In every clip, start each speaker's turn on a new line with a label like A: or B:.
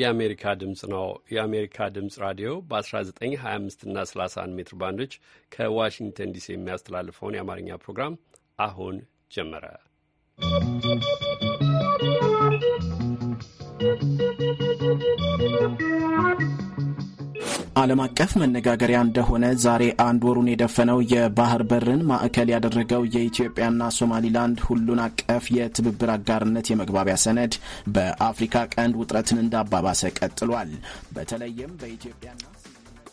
A: የአሜሪካ ድምፅ ነው። የአሜሪካ ድምፅ ራዲዮ በ1925 እና 31 ሜትር ባንዶች ከዋሽንግተን ዲሲ የሚያስተላልፈውን የአማርኛ ፕሮግራም አሁን ጀመረ።
B: ¶¶
C: ዓለም አቀፍ መነጋገሪያ እንደሆነ ዛሬ አንድ ወሩን የደፈነው የባህር በርን ማዕከል ያደረገው የኢትዮጵያና ሶማሊላንድ ሁሉን አቀፍ የትብብር አጋርነት የመግባቢያ ሰነድ በአፍሪካ ቀንድ ውጥረትን እንዳባባሰ ቀጥሏል። በተለይም በኢትዮጵያና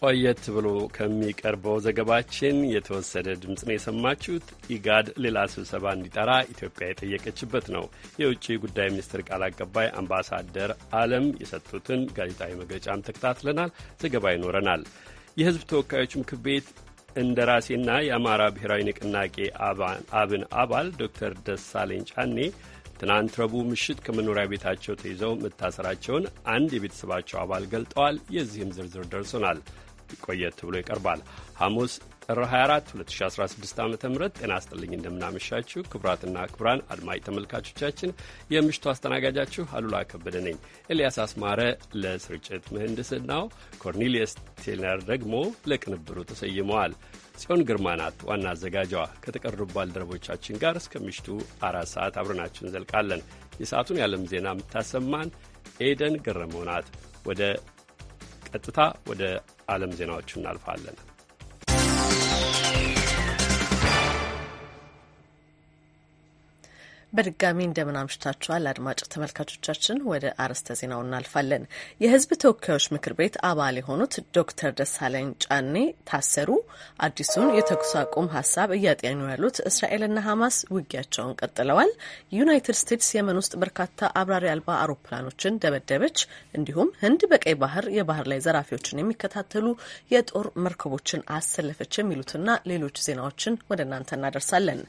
A: ቆየት ብሎ ከሚቀርበው ዘገባችን የተወሰደ ድምፅ ነው የሰማችሁት። ኢጋድ ሌላ ስብሰባ እንዲጠራ ኢትዮጵያ የጠየቀችበት ነው። የውጭ ጉዳይ ሚኒስትር ቃል አቀባይ አምባሳደር አለም የሰጡትን ጋዜጣዊ መግለጫም ተከታትለናል። ዘገባ ይኖረናል። የህዝብ ተወካዮች ምክር ቤት እንደ ራሴና የአማራ ብሔራዊ ንቅናቄ አብን አባል ዶክተር ደሳለኝ ጫኔ ትናንት ረቡዕ ምሽት ከመኖሪያ ቤታቸው ተይዘው መታሰራቸውን አንድ የቤተሰባቸው አባል ገልጠዋል። የዚህም ዝርዝር ደርሶናል። ቆየት ብሎ ይቀርባል። ሐሙስ ጥር 24 2016 ዓ ም ጤና ስጥልኝ እንደምናመሻችሁ ክቡራትና ክቡራን አድማጭ ተመልካቾቻችን የምሽቱ አስተናጋጃችሁ አሉላ ከበደ ነኝ። ኤልያስ አስማረ ለስርጭት ምህንድስናው፣ ኮርኔሊየስ ቴነር ደግሞ ለቅንብሩ ተሰይመዋል። ጽዮን ግርማ ናት ዋና አዘጋጇ። ከተቀሩ ባልደረቦቻችን ጋር እስከ ምሽቱ አራት ሰዓት አብረናችሁ እንዘልቃለን። የሰዓቱን የዓለም ዜና የምታሰማን ኤደን ገረመው ናት። ወደ ቀጥታ ወደ ዓለም ዜናዎቹ እናልፋለን።
D: በድጋሚ እንደምን አምሽታችኋል አድማጭ ተመልካቾቻችን። ወደ አርዕስተ ዜናው እናልፋለን። የህዝብ ተወካዮች ምክር ቤት አባል የሆኑት ዶክተር ደሳለኝ ጫኔ ታሰሩ። አዲሱን የተኩስ አቁም ሀሳብ እያጤኑ ያሉት እስራኤልና ሀማስ ውጊያቸውን ቀጥለዋል። ዩናይትድ ስቴትስ የመን ውስጥ በርካታ አብራሪ አልባ አውሮፕላኖችን ደበደበች። እንዲሁም ህንድ በቀይ ባህር የባህር ላይ ዘራፊዎችን የሚከታተሉ የጦር መርከቦችን አሰለፈች። የሚሉትና ሌሎች ዜናዎችን ወደ እናንተ እናደርሳለን።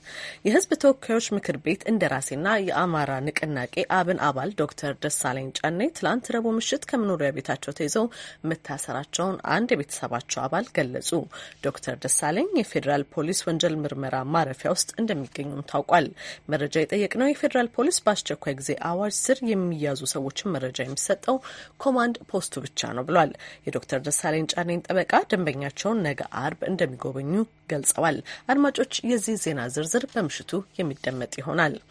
D: የህዝብ ተወካዮች ምክር ቤት እንደራ እንቅስቃሴና የአማራ ንቅናቄ አብን አባል ዶክተር ደሳለኝ ጫኔ ትላንት ረቡዕ ምሽት ከመኖሪያ ቤታቸው ተይዘው መታሰራቸውን አንድ የቤተሰባቸው አባል ገለጹ። ዶክተር ደሳለኝ የፌዴራል ፖሊስ ወንጀል ምርመራ ማረፊያ ውስጥ እንደሚገኙም ታውቋል። መረጃ የጠየቅነው የፌዴራል ፖሊስ በአስቸኳይ ጊዜ አዋጅ ስር የሚያዙ ሰዎችን መረጃ የሚሰጠው ኮማንድ ፖስቱ ብቻ ነው ብሏል። የዶክተር ደሳለኝ ጫኔን ጠበቃ ደንበኛቸውን ነገ አርብ እንደሚጎበኙ ገልጸዋል። አድማጮች፣ የዚህ ዜና ዝርዝር በምሽቱ የሚደመጥ ይሆናል።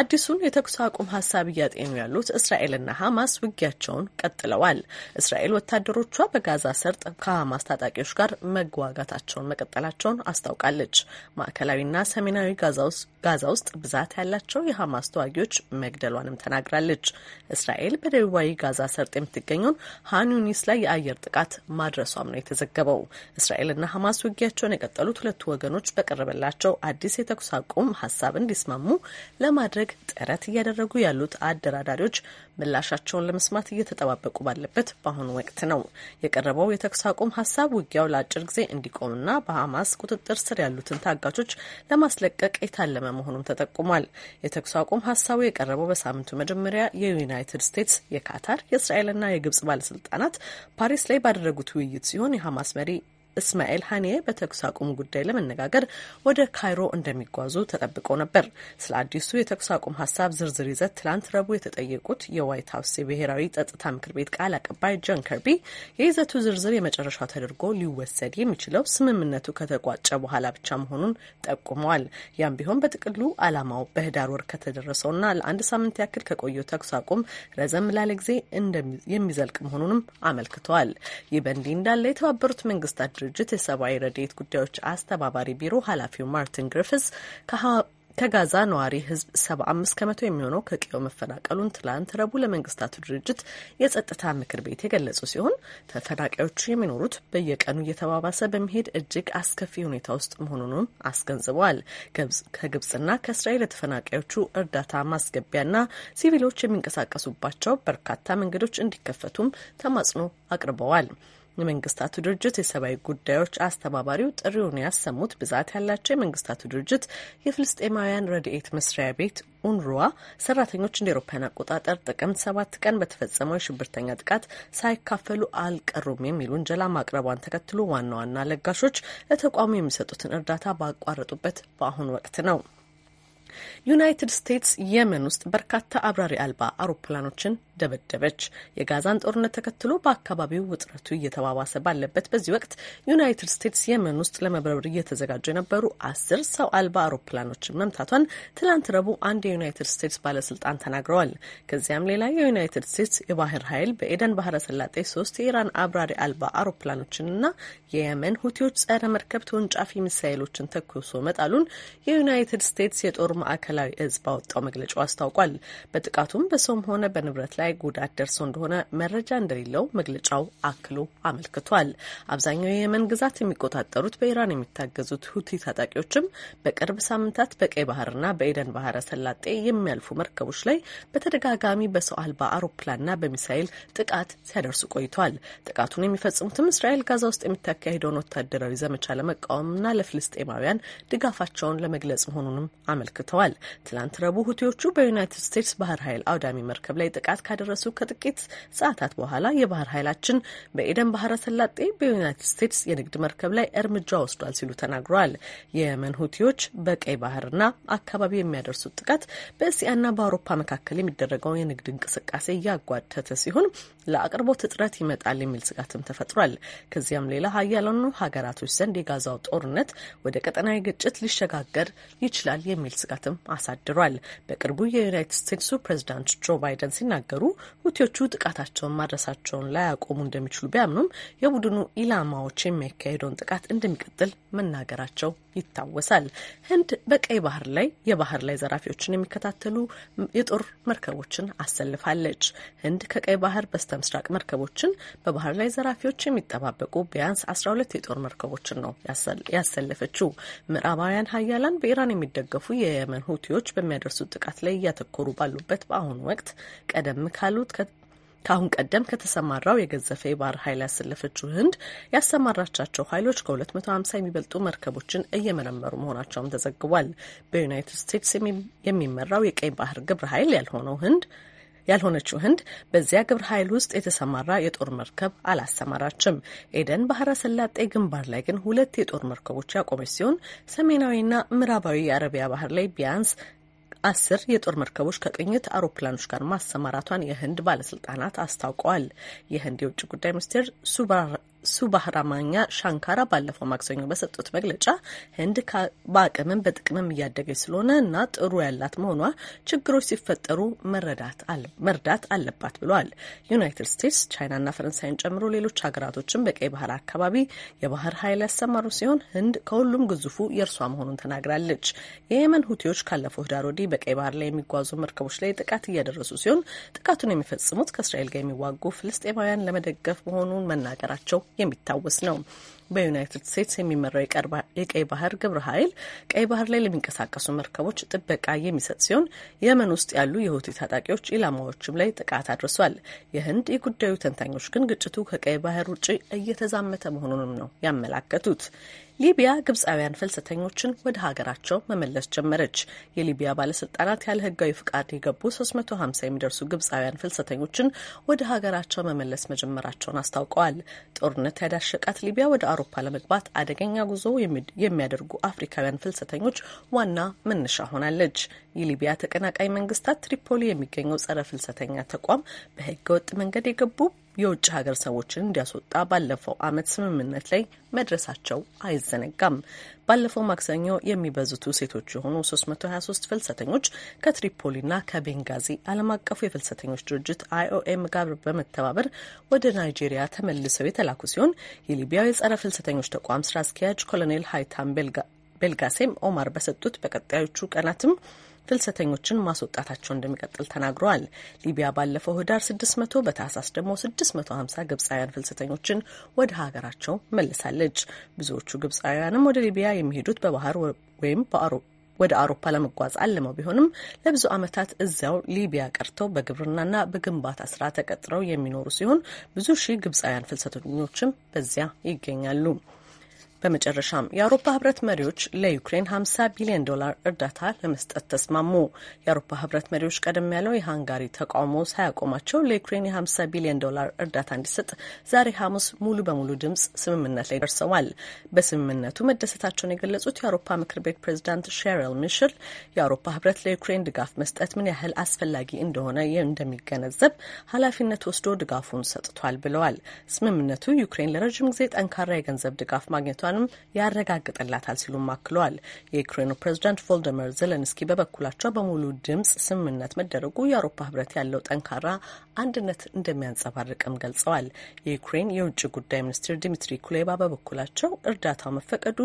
D: አዲሱን የተኩስ አቁም ሀሳብ እያጤኑ ያሉት እስራኤልና ሀማስ ውጊያቸውን ቀጥለዋል። እስራኤል ወታደሮቿ በጋዛ ሰርጥ ከሀማስ ታጣቂዎች ጋር መዋጋታቸውን መቀጠላቸውን አስታውቃለች። ማዕከላዊና ሰሜናዊ ጋዛ ውስጥ ብዛት ያላቸው የሀማስ ተዋጊዎች መግደሏንም ተናግራለች። እስራኤል በደቡባዊ ጋዛ ሰርጥ የምትገኘውን ሃን ላይ የአየር ጥቃት ማድረሷም ነው የተዘገበው። እስራኤልና ሀማስ ውጊያቸውን የቀጠሉት ሁለቱ ወገኖች በቀረበላቸው አዲስ የተኩስ አቁም ሀሳብ እንዲስማሙ ለማድረግ ለማድረግ ጥረት እያደረጉ ያሉት አደራዳሪዎች ምላሻቸውን ለመስማት እየተጠባበቁ ባለበት በአሁኑ ወቅት ነው የቀረበው የተኩስ አቁም ሀሳብ ውጊያው ለአጭር ጊዜ እንዲቆምና በሐማስ ቁጥጥር ስር ያሉትን ታጋቾች ለማስለቀቅ የታለመ መሆኑም ተጠቁሟል። የተኩስ አቁም ሀሳቡ የቀረበው በሳምንቱ መጀመሪያ የዩናይትድ ስቴትስ፣ የካታር፣ የእስራኤልና የግብጽ ባለስልጣናት ፓሪስ ላይ ባደረጉት ውይይት ሲሆን የሐማስ መሪ እስማኤል ሀኔ በተኩስ አቁሙ ጉዳይ ለመነጋገር ወደ ካይሮ እንደሚጓዙ ተጠብቆ ነበር። ስለ አዲሱ የተኩስ አቁም ሀሳብ ዝርዝር ይዘት ትላንት ረቡዕ የተጠየቁት የዋይት ሀውስ የብሔራዊ ጸጥታ ምክር ቤት ቃል አቀባይ ጆን ከርቢ የይዘቱ ዝርዝር የመጨረሻው ተደርጎ ሊወሰድ የሚችለው ስምምነቱ ከተቋጨ በኋላ ብቻ መሆኑን ጠቁመዋል። ያም ቢሆን በጥቅሉ አላማው በህዳር ወር ከተደረሰውና ለአንድ ሳምንት ያክል ከቆየው ተኩስ አቁም ረዘም ላለ ጊዜ የሚዘልቅ መሆኑንም አመልክተዋል። ይህ በእንዲህ እንዳለ የተባበሩት መንግስታት ድርጅት የሰብአዊ ረድኤት ጉዳዮች አስተባባሪ ቢሮ ኃላፊው ማርቲን ግሪፍስ ከጋዛ ነዋሪ ሕዝብ 75 ከመቶ የሚሆነው ከቀዬው መፈናቀሉን ትላንት ረቡዕ ለመንግስታቱ ድርጅት የጸጥታ ምክር ቤት የገለጹ ሲሆን ተፈናቃዮቹ የሚኖሩት በየቀኑ እየተባባሰ በመሄድ እጅግ አስከፊ ሁኔታ ውስጥ መሆኑንም አስገንዝበዋል። ከግብጽና ከእስራኤል ለተፈናቃዮቹ እርዳታ ማስገቢያና ሲቪሎች የሚንቀሳቀሱባቸው በርካታ መንገዶች እንዲከፈቱም ተማጽኖ አቅርበዋል። የመንግስታቱ ድርጅት የሰብአዊ ጉዳዮች አስተባባሪው ጥሪውን ያሰሙት ብዛት ያላቸው የመንግስታቱ ድርጅት የፍልስጤማውያን ረድኤት መስሪያ ቤት ኡንሩዋ ሰራተኞች እንደ ኤሮፓያን አቆጣጠር ጥቅምት ሰባት ቀን በተፈጸመው የሽብርተኛ ጥቃት ሳይካፈሉ አልቀሩም የሚል ውንጀላ ማቅረቧን ተከትሎ ዋና ዋና ለጋሾች ለተቋሙ የሚሰጡትን እርዳታ ባቋረጡበት በአሁኑ ወቅት ነው። ዩናይትድ ስቴትስ የመን ውስጥ በርካታ አብራሪ አልባ አውሮፕላኖችን ደበደበች። የጋዛን ጦርነት ተከትሎ በአካባቢው ውጥረቱ እየተባባሰ ባለበት በዚህ ወቅት ዩናይትድ ስቴትስ የመን ውስጥ ለመብረር እየተዘጋጁ የነበሩ አስር ሰው አልባ አውሮፕላኖችን መምታቷን ትላንት ረቡዕ አንድ የዩናይትድ ስቴትስ ባለስልጣን ተናግረዋል። ከዚያም ሌላ የዩናይትድ ስቴትስ የባህር ኃይል በኤደን ባህረ ሰላጤ ሶስት የኢራን አብራሪ አልባ አውሮፕላኖችንና የየመን ሁቲዎች ጸረ መርከብ ተወንጫፊ ሚሳይሎችን ተኩሶ መጣሉን የዩናይትድ ስቴትስ የጦር ማዕከላዊ እዝ ባወጣው መግለጫው አስታውቋል። በጥቃቱም በሰውም ሆነ በንብረት ላይ ጉዳት ደርሶ እንደሆነ መረጃ እንደሌለው መግለጫው አክሎ አመልክቷል። አብዛኛው የየመን ግዛት የሚቆጣጠሩት በኢራን የሚታገዙት ሁቲ ታጣቂዎችም በቅርብ ሳምንታት በቀይ ባህርና በኤደን ባህረ ሰላጤ የሚያልፉ መርከቦች ላይ በተደጋጋሚ በሰው አልባ አውሮፕላንና በሚሳይል ጥቃት ሲያደርሱ ቆይቷል። ጥቃቱን የሚፈጽሙትም እስራኤል ጋዛ ውስጥ የሚታካሄደውን ወታደራዊ ዘመቻ ለመቃወምና ለፍልስጤማውያን ድጋፋቸውን ለመግለጽ መሆኑንም አመልክቷል። አመልክተዋል። ትላንት ረቡዕ ሁቲዎቹ በዩናይትድ ስቴትስ ባህር ኃይል አውዳሚ መርከብ ላይ ጥቃት ካደረሱ ከጥቂት ሰዓታት በኋላ የባህር ኃይላችን በኤደን ባህረ ሰላጤ በዩናይትድ ስቴትስ የንግድ መርከብ ላይ እርምጃ ወስዷል ሲሉ ተናግረዋል። የየመን ሁቲዎች በቀይ ባህርና አካባቢ የሚያደርሱት ጥቃት በእስያና በአውሮፓ መካከል የሚደረገውን የንግድ እንቅስቃሴ እያጓተተ ሲሆን ለአቅርቦት እጥረት ይመጣል የሚል ስጋትም ተፈጥሯል። ከዚያም ሌላ ሀያላኑ ሀገራቶች ዘንድ የጋዛው ጦርነት ወደ ቀጠናዊ ግጭት ሊሸጋገር ይችላል የሚል ስጋት ስጋትም አሳድሯል። በቅርቡ የዩናይትድ ስቴትሱ ፕሬዚዳንት ጆ ባይደን ሲናገሩ ሁቲዎቹ ጥቃታቸውን ማድረሳቸውን ላያቆሙ እንደሚችሉ ቢያምኑም የቡድኑ ኢላማዎች የሚያካሄደውን ጥቃት እንደሚቀጥል መናገራቸው ይታወሳል። ህንድ በቀይ ባህር ላይ የባህር ላይ ዘራፊዎችን የሚከታተሉ የጦር መርከቦችን አሰልፋለች። ህንድ ከቀይ ባህር በስተ ምስራቅ መርከቦችን በባህር ላይ ዘራፊዎች የሚጠባበቁ ቢያንስ 12 የጦር መርከቦችን ነው ያሰለፈችው። ምዕራባውያን ሀያላን በኢራን የሚደገፉ የየመን ሁቲዎች በሚያደርሱት ጥቃት ላይ እያተኮሩ ባሉበት በአሁኑ ወቅት ቀደም ካሉት ከአሁን ቀደም ከተሰማራው የገዘፈ የባህር ኃይል ያሰለፈችው ህንድ ያሰማራቻቸው ኃይሎች ከ250 የሚበልጡ መርከቦችን እየመረመሩ መሆናቸውም ተዘግቧል። በዩናይትድ ስቴትስ የሚመራው የቀይ ባህር ግብረ ኃይል ያልሆነው ህንድ ያልሆነችው ህንድ በዚያ ግብረ ኃይል ውስጥ የተሰማራ የጦር መርከብ አላሰማራችም። ኤደን ባህረ ሰላጤ ግንባር ላይ ግን ሁለት የጦር መርከቦች ያቆመች ሲሆን ሰሜናዊና ምዕራባዊ የአረቢያ ባህር ላይ ቢያንስ አስር የጦር መርከቦች ከቅኝት አውሮፕላኖች ጋር ማሰማራቷን የህንድ ባለስልጣናት አስታውቀዋል። የህንድ የውጭ ጉዳይ ሚኒስቴር ሱባህራማኛ ሻንካራ ባለፈው ማክሰኞ በሰጡት መግለጫ ህንድ በአቅምም በጥቅምም እያደገች ስለሆነ እና ጥሩ ያላት መሆኗ ችግሮች ሲፈጠሩ መርዳት አለባት ብለዋል። ዩናይትድ ስቴትስ፣ ቻይናና ፈረንሳይን ጨምሮ ሌሎች ሀገራቶችን በቀይ ባህር አካባቢ የባህር ኃይል ያሰማሩ ሲሆን ህንድ ከሁሉም ግዙፉ የእርሷ መሆኑን ተናግራለች። የየመን ሁቲዎች ካለፈው ህዳር ወዲህ በቀይ ባህር ላይ የሚጓዙ መርከቦች ላይ ጥቃት እያደረሱ ሲሆን ጥቃቱን የሚፈጽሙት ከእስራኤል ጋር የሚዋጉ ፍልስጤማውያን ለመደገፍ መሆኑን መናገራቸው የሚታወስ ነው። በዩናይትድ ስቴትስ የሚመራው የቀይ ባህር ግብረ ኃይል ቀይ ባህር ላይ ለሚንቀሳቀሱ መርከቦች ጥበቃ የሚሰጥ ሲሆን የመን ውስጥ ያሉ የሁቲ ታጣቂዎች ኢላማዎችም ላይ ጥቃት አድርሷል። የህንድ የጉዳዩ ተንታኞች ግን ግጭቱ ከቀይ ባህር ውጭ እየተዛመተ መሆኑንም ነው ያመላከቱት። ሊቢያ ግብፃውያን ፍልሰተኞችን ወደ ሀገራቸው መመለስ ጀመረች። የሊቢያ ባለስልጣናት ያለ ህጋዊ ፍቃድ የገቡ 350 የሚደርሱ ግብፃውያን ፍልሰተኞችን ወደ ሀገራቸው መመለስ መጀመራቸውን አስታውቀዋል። ጦርነት ያዳሸቃት ሊቢያ ወደ አውሮፓ ለመግባት አደገኛ ጉዞ የሚያደርጉ አፍሪካውያን ፍልሰተኞች ዋና መነሻ ሆናለች። የሊቢያ ተቀናቃይ መንግስታት ትሪፖሊ የሚገኘው ጸረ ፍልሰተኛ ተቋም በህገወጥ መንገድ የገቡ የውጭ ሀገር ሰዎችን እንዲያስወጣ ባለፈው ዓመት ስምምነት ላይ መድረሳቸው አይዘነጋም። ባለፈው ማክሰኞ የሚበዙቱ ሴቶች የሆኑ 323 ፍልሰተኞች ከትሪፖሊና ከቤንጋዚ ዓለም አቀፉ የፍልሰተኞች ድርጅት አይኦኤም ጋር በመተባበር ወደ ናይጄሪያ ተመልሰው የተላኩ ሲሆን የሊቢያው የጸረ ፍልሰተኞች ተቋም ስራ አስኪያጅ ኮሎኔል ሃይታም ቤልጋሴም ኦማር በሰጡት በቀጣዮቹ ቀናትም ፍልሰተኞችን ማስወጣታቸው እንደሚቀጥል ተናግረዋል። ሊቢያ ባለፈው ህዳር 600 በታህሳስ ደግሞ 650 ግብፃውያን ፍልሰተኞችን ወደ ሀገራቸው መልሳለች። ብዙዎቹ ግብፃውያንም ወደ ሊቢያ የሚሄዱት በባህር ወይም ወደ አውሮፓ ለመጓዝ አለመው ቢሆንም ለብዙ ዓመታት እዚያው ሊቢያ ቀርተው በግብርናና በግንባታ ስራ ተቀጥረው የሚኖሩ ሲሆን ብዙ ሺህ ግብፃውያን ፍልሰተኞችም በዚያ ይገኛሉ። በመጨረሻም የአውሮፓ ህብረት መሪዎች ለዩክሬን 50 ቢሊዮን ዶላር እርዳታ ለመስጠት ተስማሙ። የአውሮፓ ህብረት መሪዎች ቀደም ያለው የሃንጋሪ ተቃውሞ ሳያቆማቸው ለዩክሬን የ50 ቢሊዮን ዶላር እርዳታ እንዲሰጥ ዛሬ ሐሙስ ሙሉ በሙሉ ድምፅ ስምምነት ላይ ደርሰዋል። በስምምነቱ መደሰታቸውን የገለጹት የአውሮፓ ምክር ቤት ፕሬዚዳንት ሼሪል ሚሽል የአውሮፓ ህብረት ለዩክሬን ድጋፍ መስጠት ምን ያህል አስፈላጊ እንደሆነ እንደሚገነዘብ ኃላፊነት ወስዶ ድጋፉን ሰጥቷል ብለዋል። ስምምነቱ ዩክሬን ለረዥም ጊዜ ጠንካራ የገንዘብ ድጋፍ ማግኘቷ መድረሷንም ያረጋግጥላታል ሲሉም አክለዋል። የዩክሬኑ ፕሬዚዳንት ቮልደመር ዘለንስኪ በበኩላቸው በሙሉ ድምጽ ስምምነት መደረጉ የአውሮፓ ህብረት ያለው ጠንካራ አንድነት እንደሚያንጸባርቅም ገልጸዋል። የዩክሬን የውጭ ጉዳይ ሚኒስትር ዲሚትሪ ኩሌባ በበኩላቸው እርዳታው መፈቀዱ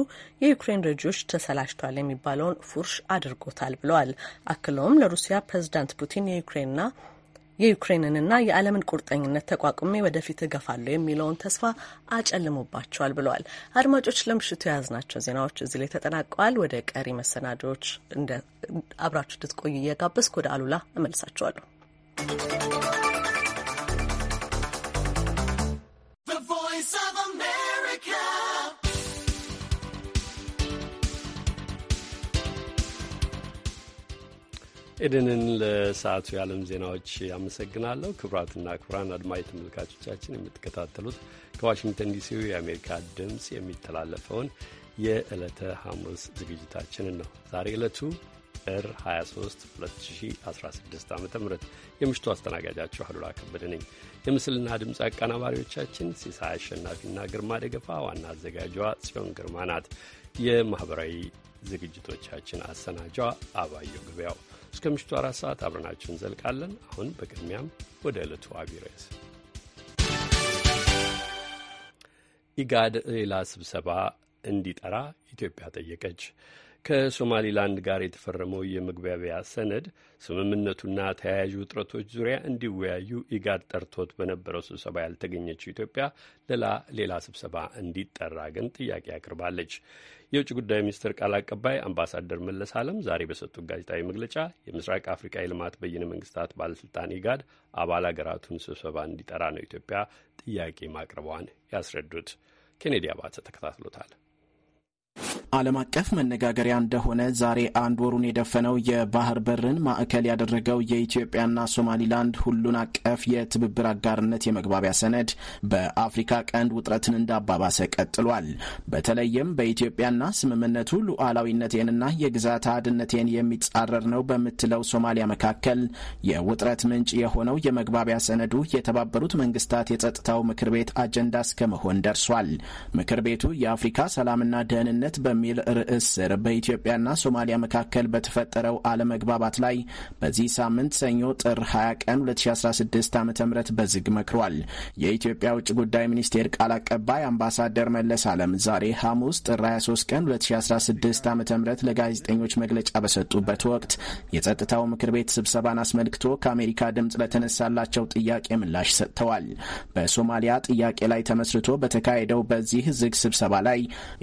D: የዩክሬን ረጂዎች ተሰላችቷል የሚባለውን ፉርሽ አድርጎታል ብለዋል። አክለውም ለሩሲያ ፕሬዚዳንት ፑቲን የዩክሬንና የዩክሬንንና የዓለምን ቁርጠኝነት ተቋቁሜ ወደፊት እገፋለሁ የሚለውን ተስፋ አጨልሞባቸዋል ብለዋል። አድማጮች፣ ለምሽቱ የያዝናቸው ዜናዎች እዚህ ላይ ተጠናቀዋል። ወደ ቀሪ መሰናዶዎች አብራችሁ እንድትቆዩ እየጋበዝኩ ወደ አሉላ እመልሳቸዋለሁ።
A: ኤደንን ለሰዓቱ የዓለም ዜናዎች አመሰግናለሁ። ክቡራትና ክቡራን አድማጭ ተመልካቾቻችን የምትከታተሉት ከዋሽንግተን ዲሲው የአሜሪካ ድምፅ የሚተላለፈውን የዕለተ ሐሙስ ዝግጅታችንን ነው። ዛሬ ዕለቱ ጥር 23 2016 ዓ ም የምሽቱ አስተናጋጃችሁ አሉላ ከበደ ነኝ። የምስልና ድምፅ አቀናባሪዎቻችን ሲሳይ አሸናፊና ግርማ ደገፋ፣ ዋና አዘጋጇ ጽዮን ግርማ ናት። የማኅበራዊ ዝግጅቶቻችን አሰናጇ አባየው ገበያው እስከ ምሽቱ አራት ሰዓት አብረናችሁ እንዘልቃለን። አሁን በቅድሚያም ወደ ዕለቱ አብይ ርዕስ ኢጋድ ሌላ ስብሰባ እንዲጠራ ኢትዮጵያ ጠየቀች። ከሶማሊላንድ ጋር የተፈረመው የመግባቢያ ሰነድ ስምምነቱና ተያያዥ ውጥረቶች ዙሪያ እንዲወያዩ ኢጋድ ጠርቶት በነበረው ስብሰባ ያልተገኘችው ኢትዮጵያ ሌላ ስብሰባ እንዲጠራ ግን ጥያቄ አቅርባለች። የውጭ ጉዳይ ሚኒስትር ቃል አቀባይ አምባሳደር መለስ አለም ዛሬ በሰጡት ጋዜጣዊ መግለጫ የምስራቅ አፍሪካ የልማት በይነ መንግስታት ባለስልጣን ኢጋድ አባል ሀገራቱን ስብሰባ እንዲጠራ ነው ኢትዮጵያ ጥያቄ ማቅረቧን ያስረዱት። ኬኔዲ አባተ ተከታትሎታል።
C: ዓለም አቀፍ መነጋገሪያ እንደሆነ ዛሬ አንድ ወሩን የደፈነው የባህር በርን ማዕከል ያደረገው የኢትዮጵያና ሶማሊላንድ ሁሉን አቀፍ የትብብር አጋርነት የመግባቢያ ሰነድ በአፍሪካ ቀንድ ውጥረትን እንዳባባሰ ቀጥሏል። በተለይም በኢትዮጵያና ስምምነቱ ሉዓላዊነቴንና የግዛት አድነቴን የሚጻረር ነው በምትለው ሶማሊያ መካከል የውጥረት ምንጭ የሆነው የመግባቢያ ሰነዱ የተባበሩት መንግስታት የጸጥታው ምክር ቤት አጀንዳ እስከ መሆን ደርሷል። ምክር ቤቱ የአፍሪካ ሰላምና ደህንነት በሚ በሚል ርዕስ ስር በኢትዮጵያና ሶማሊያ መካከል በተፈጠረው አለመግባባት ላይ በዚህ ሳምንት ሰኞ ጥር 20 ቀን 2016 ዓ ም በዝግ መክሯል። የኢትዮጵያ ውጭ ጉዳይ ሚኒስቴር ቃል አቀባይ አምባሳደር መለስ ዓለም ዛሬ ሐሙስ ጥር 23 ቀን 2016 ዓ ም ለጋዜጠኞች መግለጫ በሰጡበት ወቅት የጸጥታው ምክር ቤት ስብሰባን አስመልክቶ ከአሜሪካ ድምፅ ለተነሳላቸው ጥያቄ ምላሽ ሰጥተዋል። በሶማሊያ ጥያቄ ላይ ተመስርቶ በተካሄደው በዚህ ዝግ ስብሰባ ላይ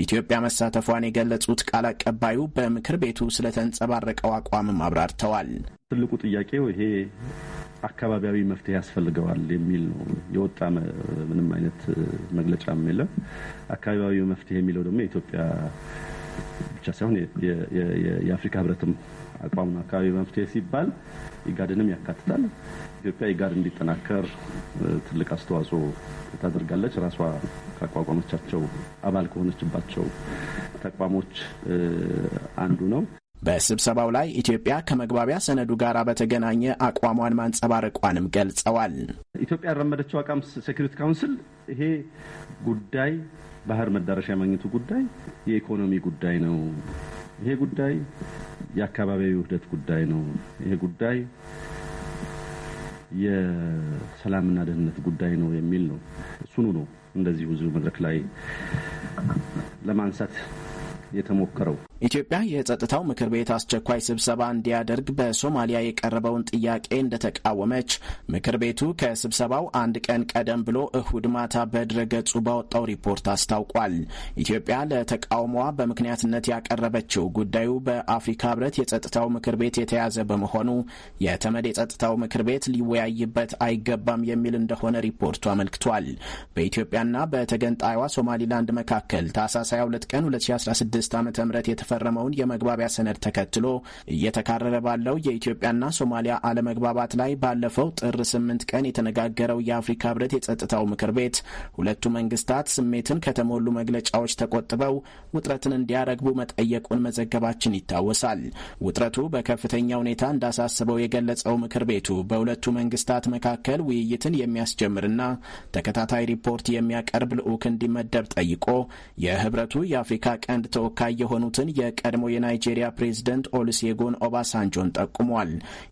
C: ኢትዮጵያ መሳተፏን የገለጹት ቃል አቀባዩ በምክር ቤቱ ስለተንጸባረቀው አቋምም አብራርተዋል። ትልቁ ጥያቄው ይሄ
E: አካባቢያዊ መፍትሄ ያስፈልገዋል የሚል ነው። የወጣ ምንም አይነት መግለጫም የለም። አካባቢያዊ መፍትሄ የሚለው ደግሞ የኢትዮጵያ ብቻ ሳይሆን የአፍሪካ ሕብረትም አቋም ነው። አካባቢ መፍትሄ ሲባል ኢጋድንም ያካትታል። ኢትዮጵያ ኢጋድ እንዲጠናከር ትልቅ አስተዋጽኦ ታደርጋለች። ራሷ
C: ካቋቋሞቻቸው አባል ከሆነችባቸው ተቋሞች አንዱ ነው። በስብሰባው ላይ ኢትዮጵያ ከመግባቢያ ሰነዱ ጋር በተገናኘ አቋሟን ማንጸባረቋንም ገልጸዋል።
E: ኢትዮጵያ ያራመደችው አቋም ሴኩሪቲ ካውንስል ይሄ ጉዳይ ባህር መዳረሻ የማግኘቱ ጉዳይ የኢኮኖሚ ጉዳይ ነው፣ ይሄ ጉዳይ የአካባቢያዊ ውህደት ጉዳይ ነው፣ ይሄ ጉዳይ የሰላምና ደህንነት ጉዳይ ነው የሚል ነው። እሱኑ ነው እንደዚህ ብዙ መድረክ ላይ ለማንሳት የተሞከረው።
C: ኢትዮጵያ የጸጥታው ምክር ቤት አስቸኳይ ስብሰባ እንዲያደርግ በሶማሊያ የቀረበውን ጥያቄ እንደተቃወመች ምክር ቤቱ ከስብሰባው አንድ ቀን ቀደም ብሎ እሁድ ማታ በድረገጹ ባወጣው ሪፖርት አስታውቋል። ኢትዮጵያ ለተቃውሟዋ በምክንያትነት ያቀረበችው ጉዳዩ በአፍሪካ ህብረት የጸጥታው ምክር ቤት የተያዘ በመሆኑ የተመድ የጸጥታው ምክር ቤት ሊወያይበት አይገባም የሚል እንደሆነ ሪፖርቱ አመልክቷል። በኢትዮጵያና በተገንጣይዋ ሶማሊላንድ መካከል ታህሳስ 22 ቀን 2016 2006 ዓ ም የተፈረመውን የመግባቢያ ሰነድ ተከትሎ እየተካረረ ባለው የኢትዮጵያና ሶማሊያ አለመግባባት ላይ ባለፈው ጥር 8 ቀን የተነጋገረው የአፍሪካ ህብረት የጸጥታው ምክር ቤት ሁለቱ መንግስታት ስሜትን ከተሞሉ መግለጫዎች ተቆጥበው ውጥረትን እንዲያረግቡ መጠየቁን መዘገባችን ይታወሳል። ውጥረቱ በከፍተኛ ሁኔታ እንዳሳስበው የገለጸው ምክር ቤቱ በሁለቱ መንግስታት መካከል ውይይትን የሚያስጀምርና ተከታታይ ሪፖርት የሚያቀርብ ልዑክ እንዲመደብ ጠይቆ የህብረቱ የአፍሪካ ቀንድ ተወ ተወካይ የሆኑትን የቀድሞ የናይጄሪያ ፕሬዚደንት ኦልሴጎን ኦባሳንጆን ጠቁሟል።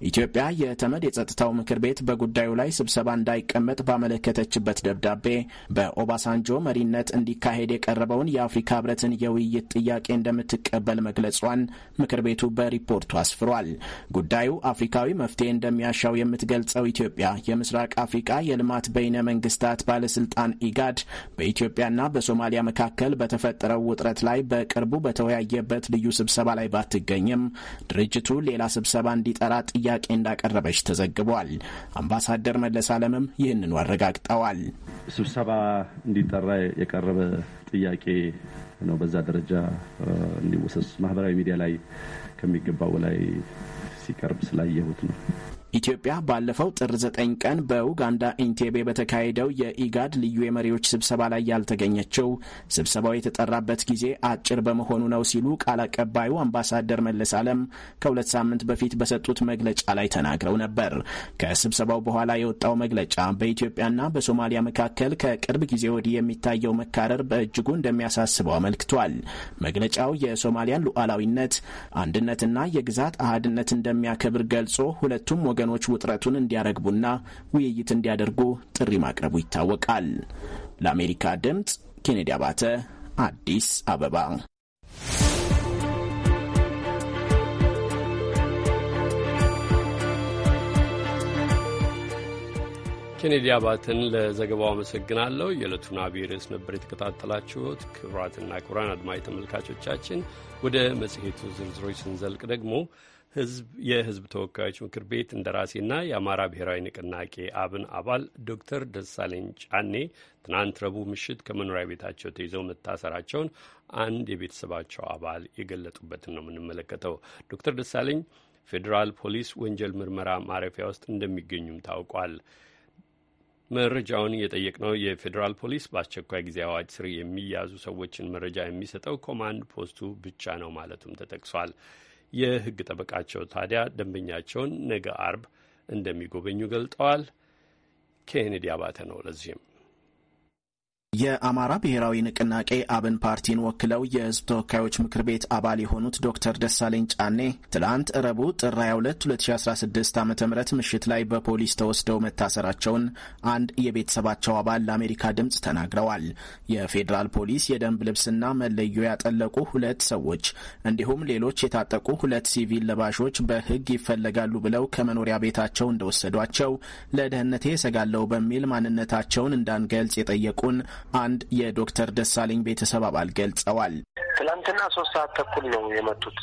C: ኢትዮጵያ የተመድ የጸጥታው ምክር ቤት በጉዳዩ ላይ ስብሰባ እንዳይቀመጥ ባመለከተችበት ደብዳቤ በኦባሳንጆ መሪነት እንዲካሄድ የቀረበውን የአፍሪካ ህብረትን የውይይት ጥያቄ እንደምትቀበል መግለጿን ምክር ቤቱ በሪፖርቱ አስፍሯል። ጉዳዩ አፍሪካዊ መፍትሄ እንደሚያሻው የምትገልጸው ኢትዮጵያ የምስራቅ አፍሪካ የልማት በይነ መንግስታት ባለስልጣን ኢጋድ በኢትዮጵያና በሶማሊያ መካከል በተፈጠረው ውጥረት ላይ በቅርብ በቅርቡ በተወያየበት ልዩ ስብሰባ ላይ ባትገኝም ድርጅቱ ሌላ ስብሰባ እንዲጠራ ጥያቄ እንዳቀረበች ተዘግቧል። አምባሳደር መለስ አለምም ይህንኑ አረጋግጠዋል። ስብሰባ እንዲጠራ
E: የቀረበ ጥያቄ ነው። በዛ ደረጃ እንዲወሰስ ማህበራዊ ሚዲያ ላይ ከሚገባው ላይ ሲቀርብ ስላየሁት ነው።
C: ኢትዮጵያ ባለፈው ጥር ዘጠኝ ቀን በኡጋንዳ ኢንቴቤ በተካሄደው የኢጋድ ልዩ የመሪዎች ስብሰባ ላይ ያልተገኘችው ስብሰባው የተጠራበት ጊዜ አጭር በመሆኑ ነው ሲሉ ቃል አቀባዩ አምባሳደር መለስ አለም ከሁለት ሳምንት በፊት በሰጡት መግለጫ ላይ ተናግረው ነበር። ከስብሰባው በኋላ የወጣው መግለጫ በኢትዮጵያና በሶማሊያ መካከል ከቅርብ ጊዜ ወዲህ የሚታየው መካረር በእጅጉ እንደሚያሳስበው አመልክቷል። መግለጫው የሶማሊያን ሉዓላዊነት አንድነትና የግዛት አህድነት እንደሚያከብር ገልጾ ሁለቱም ወገኖች ውጥረቱን እንዲያረግቡና ውይይት እንዲያደርጉ ጥሪ ማቅረቡ ይታወቃል። ለአሜሪካ ድምፅ ኬኔዲ አባተ አዲስ አበባ።
A: ኬኔዲ አባትን ለዘገባው አመሰግናለሁ። የዕለቱን አብይ ርዕስ ነበር የተከታተላችሁት። ክቡራትና ክቡራን አድማጭ ተመልካቾቻችን ወደ መጽሔቱ ዝርዝሮች ስንዘልቅ ደግሞ ህዝብ የህዝብ ተወካዮች ምክር ቤት እንደራሴና የአማራ ብሔራዊ ንቅናቄ አብን አባል ዶክተር ደሳለኝ ጫኔ ትናንት ረቡዕ ምሽት ከመኖሪያ ቤታቸው ተይዘው መታሰራቸውን አንድ የቤተሰባቸው አባል የገለጡበትን ነው የምንመለከተው። ዶክተር ደሳለኝ ፌዴራል ፖሊስ ወንጀል ምርመራ ማረፊያ ውስጥ እንደሚገኙም ታውቋል። መረጃውን የጠየቅነው የፌዴራል ፖሊስ በአስቸኳይ ጊዜ አዋጅ ስር የሚያዙ ሰዎችን መረጃ የሚሰጠው ኮማንድ ፖስቱ ብቻ ነው ማለቱም ተጠቅሷል። የህግ ጠበቃቸው ታዲያ ደንበኛቸውን ነገ አርብ እንደሚጎበኙ ገልጠዋል። ኬኔዲ አባተ ነው ለዚህም
C: የአማራ ብሔራዊ ንቅናቄ አብን ፓርቲን ወክለው የህዝብ ተወካዮች ምክር ቤት አባል የሆኑት ዶክተር ደሳለኝ ጫኔ ትላንት ረቡዕ ጥር 22 2016 ዓ ም ምሽት ላይ በፖሊስ ተወስደው መታሰራቸውን አንድ የቤተሰባቸው አባል ለአሜሪካ ድምፅ ተናግረዋል። የፌዴራል ፖሊስ የደንብ ልብስና መለዮ ያጠለቁ ሁለት ሰዎች እንዲሁም ሌሎች የታጠቁ ሁለት ሲቪል ለባሾች በህግ ይፈለጋሉ ብለው ከመኖሪያ ቤታቸው እንደወሰዷቸው ለደህንነቴ እሰጋለሁ በሚል ማንነታቸውን እንዳንገልጽ የጠየቁን አንድ የዶክተር ደሳለኝ ቤተሰብ አባል ገልጸዋል።
B: ትናንትና ሶስት ሰዓት ተኩል ነው የመጡት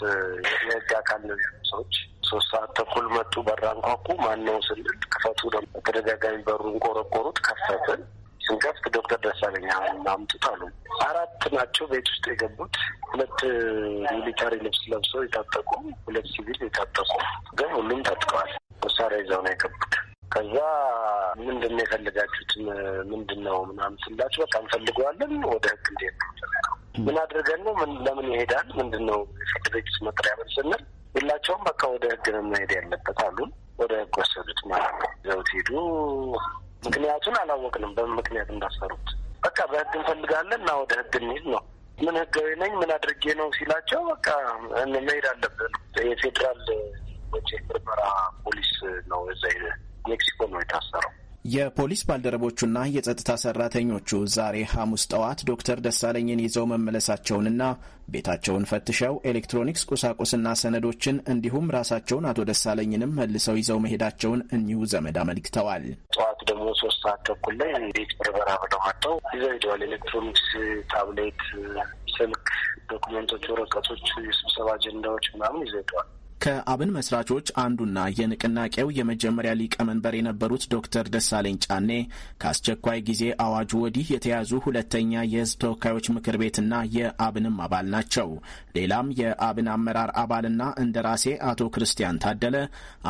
B: የህግ አካል ሰዎች ሶስት ሰዓት ተኩል መጡ። በራንኳኩ ማን ነው ስንል ክፈቱ በተደጋጋሚ በሩን ቆረቆሩት። ከፈትን። ስንከፍት ዶክተር ደሳለኝ አምጡት አሉ። አራት ናቸው ቤት ውስጥ የገቡት። ሁለት ሚሊታሪ ልብስ ለብሰው የታጠቁ፣ ሁለት ሲቪል የታጠቁ ግን ሁሉም ታጥቀዋል። መሳሪያ ይዘው ነው የገቡት። ከዛ ምንድን ነው የፈለጋችሁት? ምንድን ነው ምናምን ስላችሁ በቃ እንፈልገዋለን ወደ ህግ እንዴት ምን አድርገን ነው ምን ለምን ይሄዳል? ምንድን ነው የፈለገችሁት መጠሪያ ምን ስንል ሁላቸውም በቃ ወደ ህግ ነው መሄድ ያለበት አሉን። ወደ ህግ ወሰዱት ማለት ነው። ዘውት ሄዱ። ምክንያቱን አላወቅንም፣ በምን ምክንያት እንዳሰሩት። በቃ በህግ እንፈልጋለን እና ወደ ህግ እንሄድ ነው። ምን ህጋዊ ነኝ ምን አድርጌ ነው ሲላቸው በቃ መሄድ አለብን የፌዴራል ወንጀል ምርመራ ፖሊስ ነው እዛ ሜክሲኮ ነው የታሰረው።
C: የፖሊስ ባልደረቦቹና የጸጥታ ሰራተኞቹ ዛሬ ሐሙስ ጠዋት ዶክተር ደሳለኝን ይዘው መመለሳቸውንና ቤታቸውን ፈትሸው ኤሌክትሮኒክስ ቁሳቁስና ሰነዶችን እንዲሁም ራሳቸውን አቶ ደሳለኝንም መልሰው ይዘው መሄዳቸውን እኚሁ ዘመድ አመልክተዋል።
B: ጠዋት ደግሞ ሶስት ሰዓት ተኩል ላይ ቤት ብርበራ ብለው መጥተው ይዘው ሄደዋል። ኤሌክትሮኒክስ፣ ታብሌት፣ ስልክ፣ ዶክመንቶች፣ ወረቀቶች፣ የስብሰባ አጀንዳዎች ምናምን ይዘው ሄደዋል።
C: ከአብን መስራቾች አንዱና የንቅናቄው የመጀመሪያ ሊቀመንበር የነበሩት ዶክተር ደሳለኝ ጫኔ ከአስቸኳይ ጊዜ አዋጁ ወዲህ የተያዙ ሁለተኛ የህዝብ ተወካዮች ምክር ቤትና የአብንም አባል ናቸው። ሌላም የአብን አመራር አባልና እንደራሴ አቶ ክርስቲያን ታደለ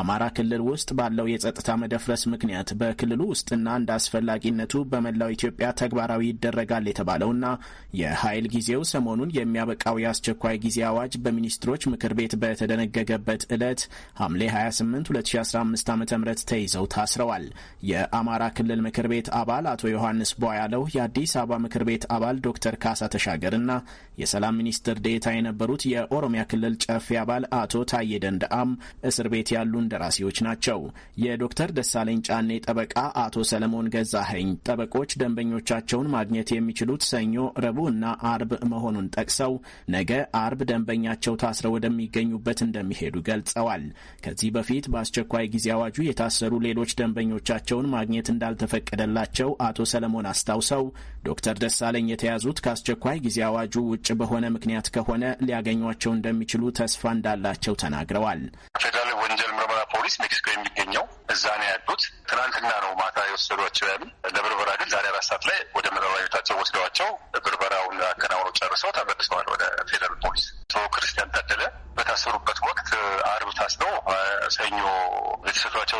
C: አማራ ክልል ውስጥ ባለው የጸጥታ መደፍረስ ምክንያት በክልሉ ውስጥና እንደ አስፈላጊነቱ በመላው ኢትዮጵያ ተግባራዊ ይደረጋል የተባለውና የኃይል ጊዜው ሰሞኑን የሚያበቃው የአስቸኳይ ጊዜ አዋጅ በሚኒስትሮች ምክር ቤት በተደነገገ በተገደሉበት ዕለት ሐምሌ 28 2015 ዓ ም ተይዘው ታስረዋል። የአማራ ክልል ምክር ቤት አባል አቶ ዮሐንስ ቧ ያለው የአዲስ አበባ ምክር ቤት አባል ዶክተር ካሳ ተሻገርና የሰላም ሚኒስትር ዴታ የነበሩት የኦሮሚያ ክልል ጨፌ አባል አቶ ታዬ ደንደአም እስር ቤት ያሉ እንደራሴዎች ናቸው። የዶክተር ደሳለኝ ጫኔ ጠበቃ አቶ ሰለሞን ገዛኸኝ ጠበቆች ደንበኞቻቸውን ማግኘት የሚችሉት ሰኞ፣ ረቡዕ እና አርብ መሆኑን ጠቅሰው ነገ አርብ ደንበኛቸው ታስረው ወደሚገኙበት እንደሚሄዱ እንደሚያካሂዱ ገልጸዋል። ከዚህ በፊት በአስቸኳይ ጊዜ አዋጁ የታሰሩ ሌሎች ደንበኞቻቸውን ማግኘት እንዳልተፈቀደላቸው አቶ ሰለሞን አስታውሰው ዶክተር ደሳለኝ የተያዙት ከአስቸኳይ ጊዜ አዋጁ ውጭ በሆነ ምክንያት ከሆነ ሊያገኟቸው እንደሚችሉ ተስፋ እንዳላቸው ተናግረዋል። ፖሊስ ሜክሲኮ የሚገኘው እዛ ነው
E: ያሉት። ትናንትና ነው ማታ የወሰዷቸው ያሉ ለብርበራ ግን ዛሬ አራት ሰዓት ላይ ወደ መኖሪያ ቤታቸው ወስደዋቸው ብርበራውን አከናውነው ጨርሰው ተመልሰዋል ወደ ፌደራል ፖሊስ። ቶ ክርስቲያን ታደለ በታሰሩበት ወቅት አርብ ታስነው ሰኞ ቤተሰቷቸው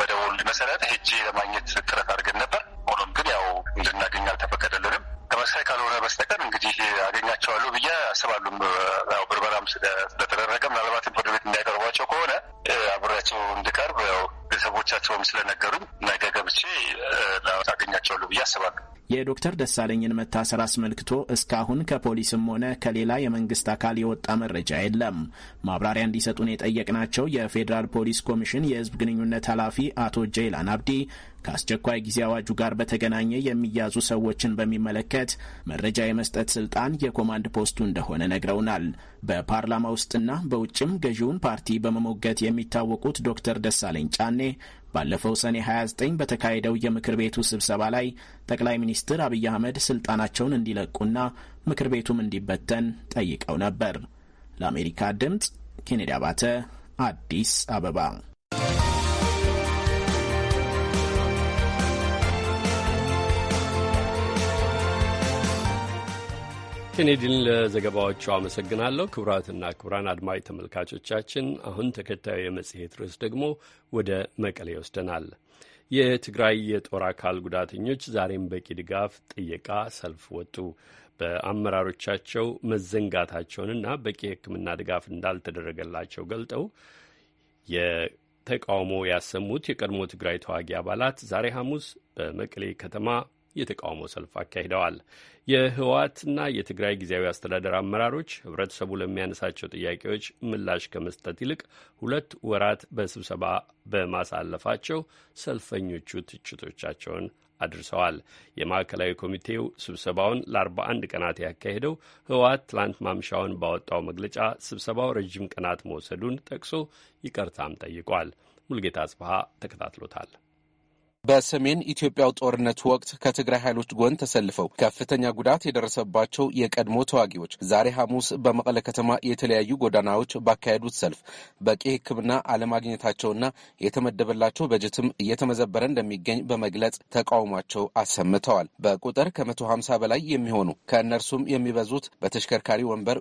E: በደወሉልኝ መሰረት ሄጄ ለማግኘት ጥረት አድርገን ነበር። ሆኖም ግን ያው እንድናገኝ አልተፈቀደልንም። ተመሳሳይ ካልሆነ በስተቀር እንግዲህ አገኛቸዋለሁ ብዬ አስባለሁ። ብርበራም ስለተደረገ ምናልባትም ፍርድ ቤት እንዳይቀርቧቸው ከሆነ አብሬያቸው እንድቀርብ ቤተሰቦቻቸውም ስለነገሩኝ ነገ ገብቼ አገኛቸዋለሁ ብዬ አስባለሁ።
C: የዶክተር ደሳለኝን መታሰር አስመልክቶ እስካሁን ከፖሊስም ሆነ ከሌላ የመንግስት አካል የወጣ መረጃ የለም። ማብራሪያ እንዲሰጡን የጠየቅናቸው የፌዴራል ፖሊስ ኮሚሽን የህዝብ ግንኙነት ኃላፊ አቶ ጀይላን አብዲ ከአስቸኳይ ጊዜ አዋጁ ጋር በተገናኘ የሚያዙ ሰዎችን በሚመለከት መረጃ የመስጠት ስልጣን የኮማንድ ፖስቱ እንደሆነ ነግረውናል። በፓርላማ ውስጥና በውጭም ገዢውን ፓርቲ በመሞገት የሚታወቁት ዶክተር ደሳለኝ ጫኔ ባለፈው ሰኔ 29 በተካሄደው የምክር ቤቱ ስብሰባ ላይ ጠቅላይ ሚኒስትር አብይ አህመድ ስልጣናቸውን እንዲለቁና ምክር ቤቱም እንዲበተን ጠይቀው ነበር። ለአሜሪካ ድምፅ ኬኔዲ አባተ አዲስ አበባ
A: ኬኔዲን ለዘገባዎቹ አመሰግናለሁ። ክቡራትና ክቡራን አድማጭ ተመልካቾቻችን አሁን ተከታዩ የመጽሔት ርዕስ ደግሞ ወደ መቀሌ ይወስደናል። የትግራይ የጦር አካል ጉዳተኞች ዛሬም በቂ ድጋፍ ጥየቃ ሰልፍ ወጡ። በአመራሮቻቸው መዘንጋታቸውንና በቂ የሕክምና ድጋፍ እንዳልተደረገላቸው ገልጠው የተቃውሞ ያሰሙት የቀድሞ ትግራይ ተዋጊ አባላት ዛሬ ሐሙስ በመቀሌ ከተማ የተቃውሞ ሰልፍ አካሂደዋል። የህወሓትና የትግራይ ጊዜያዊ አስተዳደር አመራሮች ህብረተሰቡ ለሚያነሳቸው ጥያቄዎች ምላሽ ከመስጠት ይልቅ ሁለት ወራት በስብሰባ በማሳለፋቸው ሰልፈኞቹ ትችቶቻቸውን አድርሰዋል። የማዕከላዊ ኮሚቴው ስብሰባውን ለ41 ቀናት ያካሄደው ህወሓት ትላንት ማምሻውን ባወጣው መግለጫ ስብሰባው ረዥም ቀናት መውሰዱን ጠቅሶ ይቅርታም ጠይቋል። ሙልጌታ አጽብሃ ተከታትሎታል።
F: በሰሜን ኢትዮጵያው ጦርነት ወቅት ከትግራይ ኃይሎች ጎን ተሰልፈው ከፍተኛ ጉዳት የደረሰባቸው የቀድሞ ተዋጊዎች ዛሬ ሐሙስ በመቀለ ከተማ የተለያዩ ጎዳናዎች ባካሄዱት ሰልፍ በቂ ሕክምና አለማግኘታቸውና የተመደበላቸው በጀትም እየተመዘበረ እንደሚገኝ በመግለጽ ተቃውሟቸው አሰምተዋል። በቁጥር ከመቶ ሀምሳ በላይ የሚሆኑ ከእነርሱም የሚበዙት በተሽከርካሪ ወንበር፣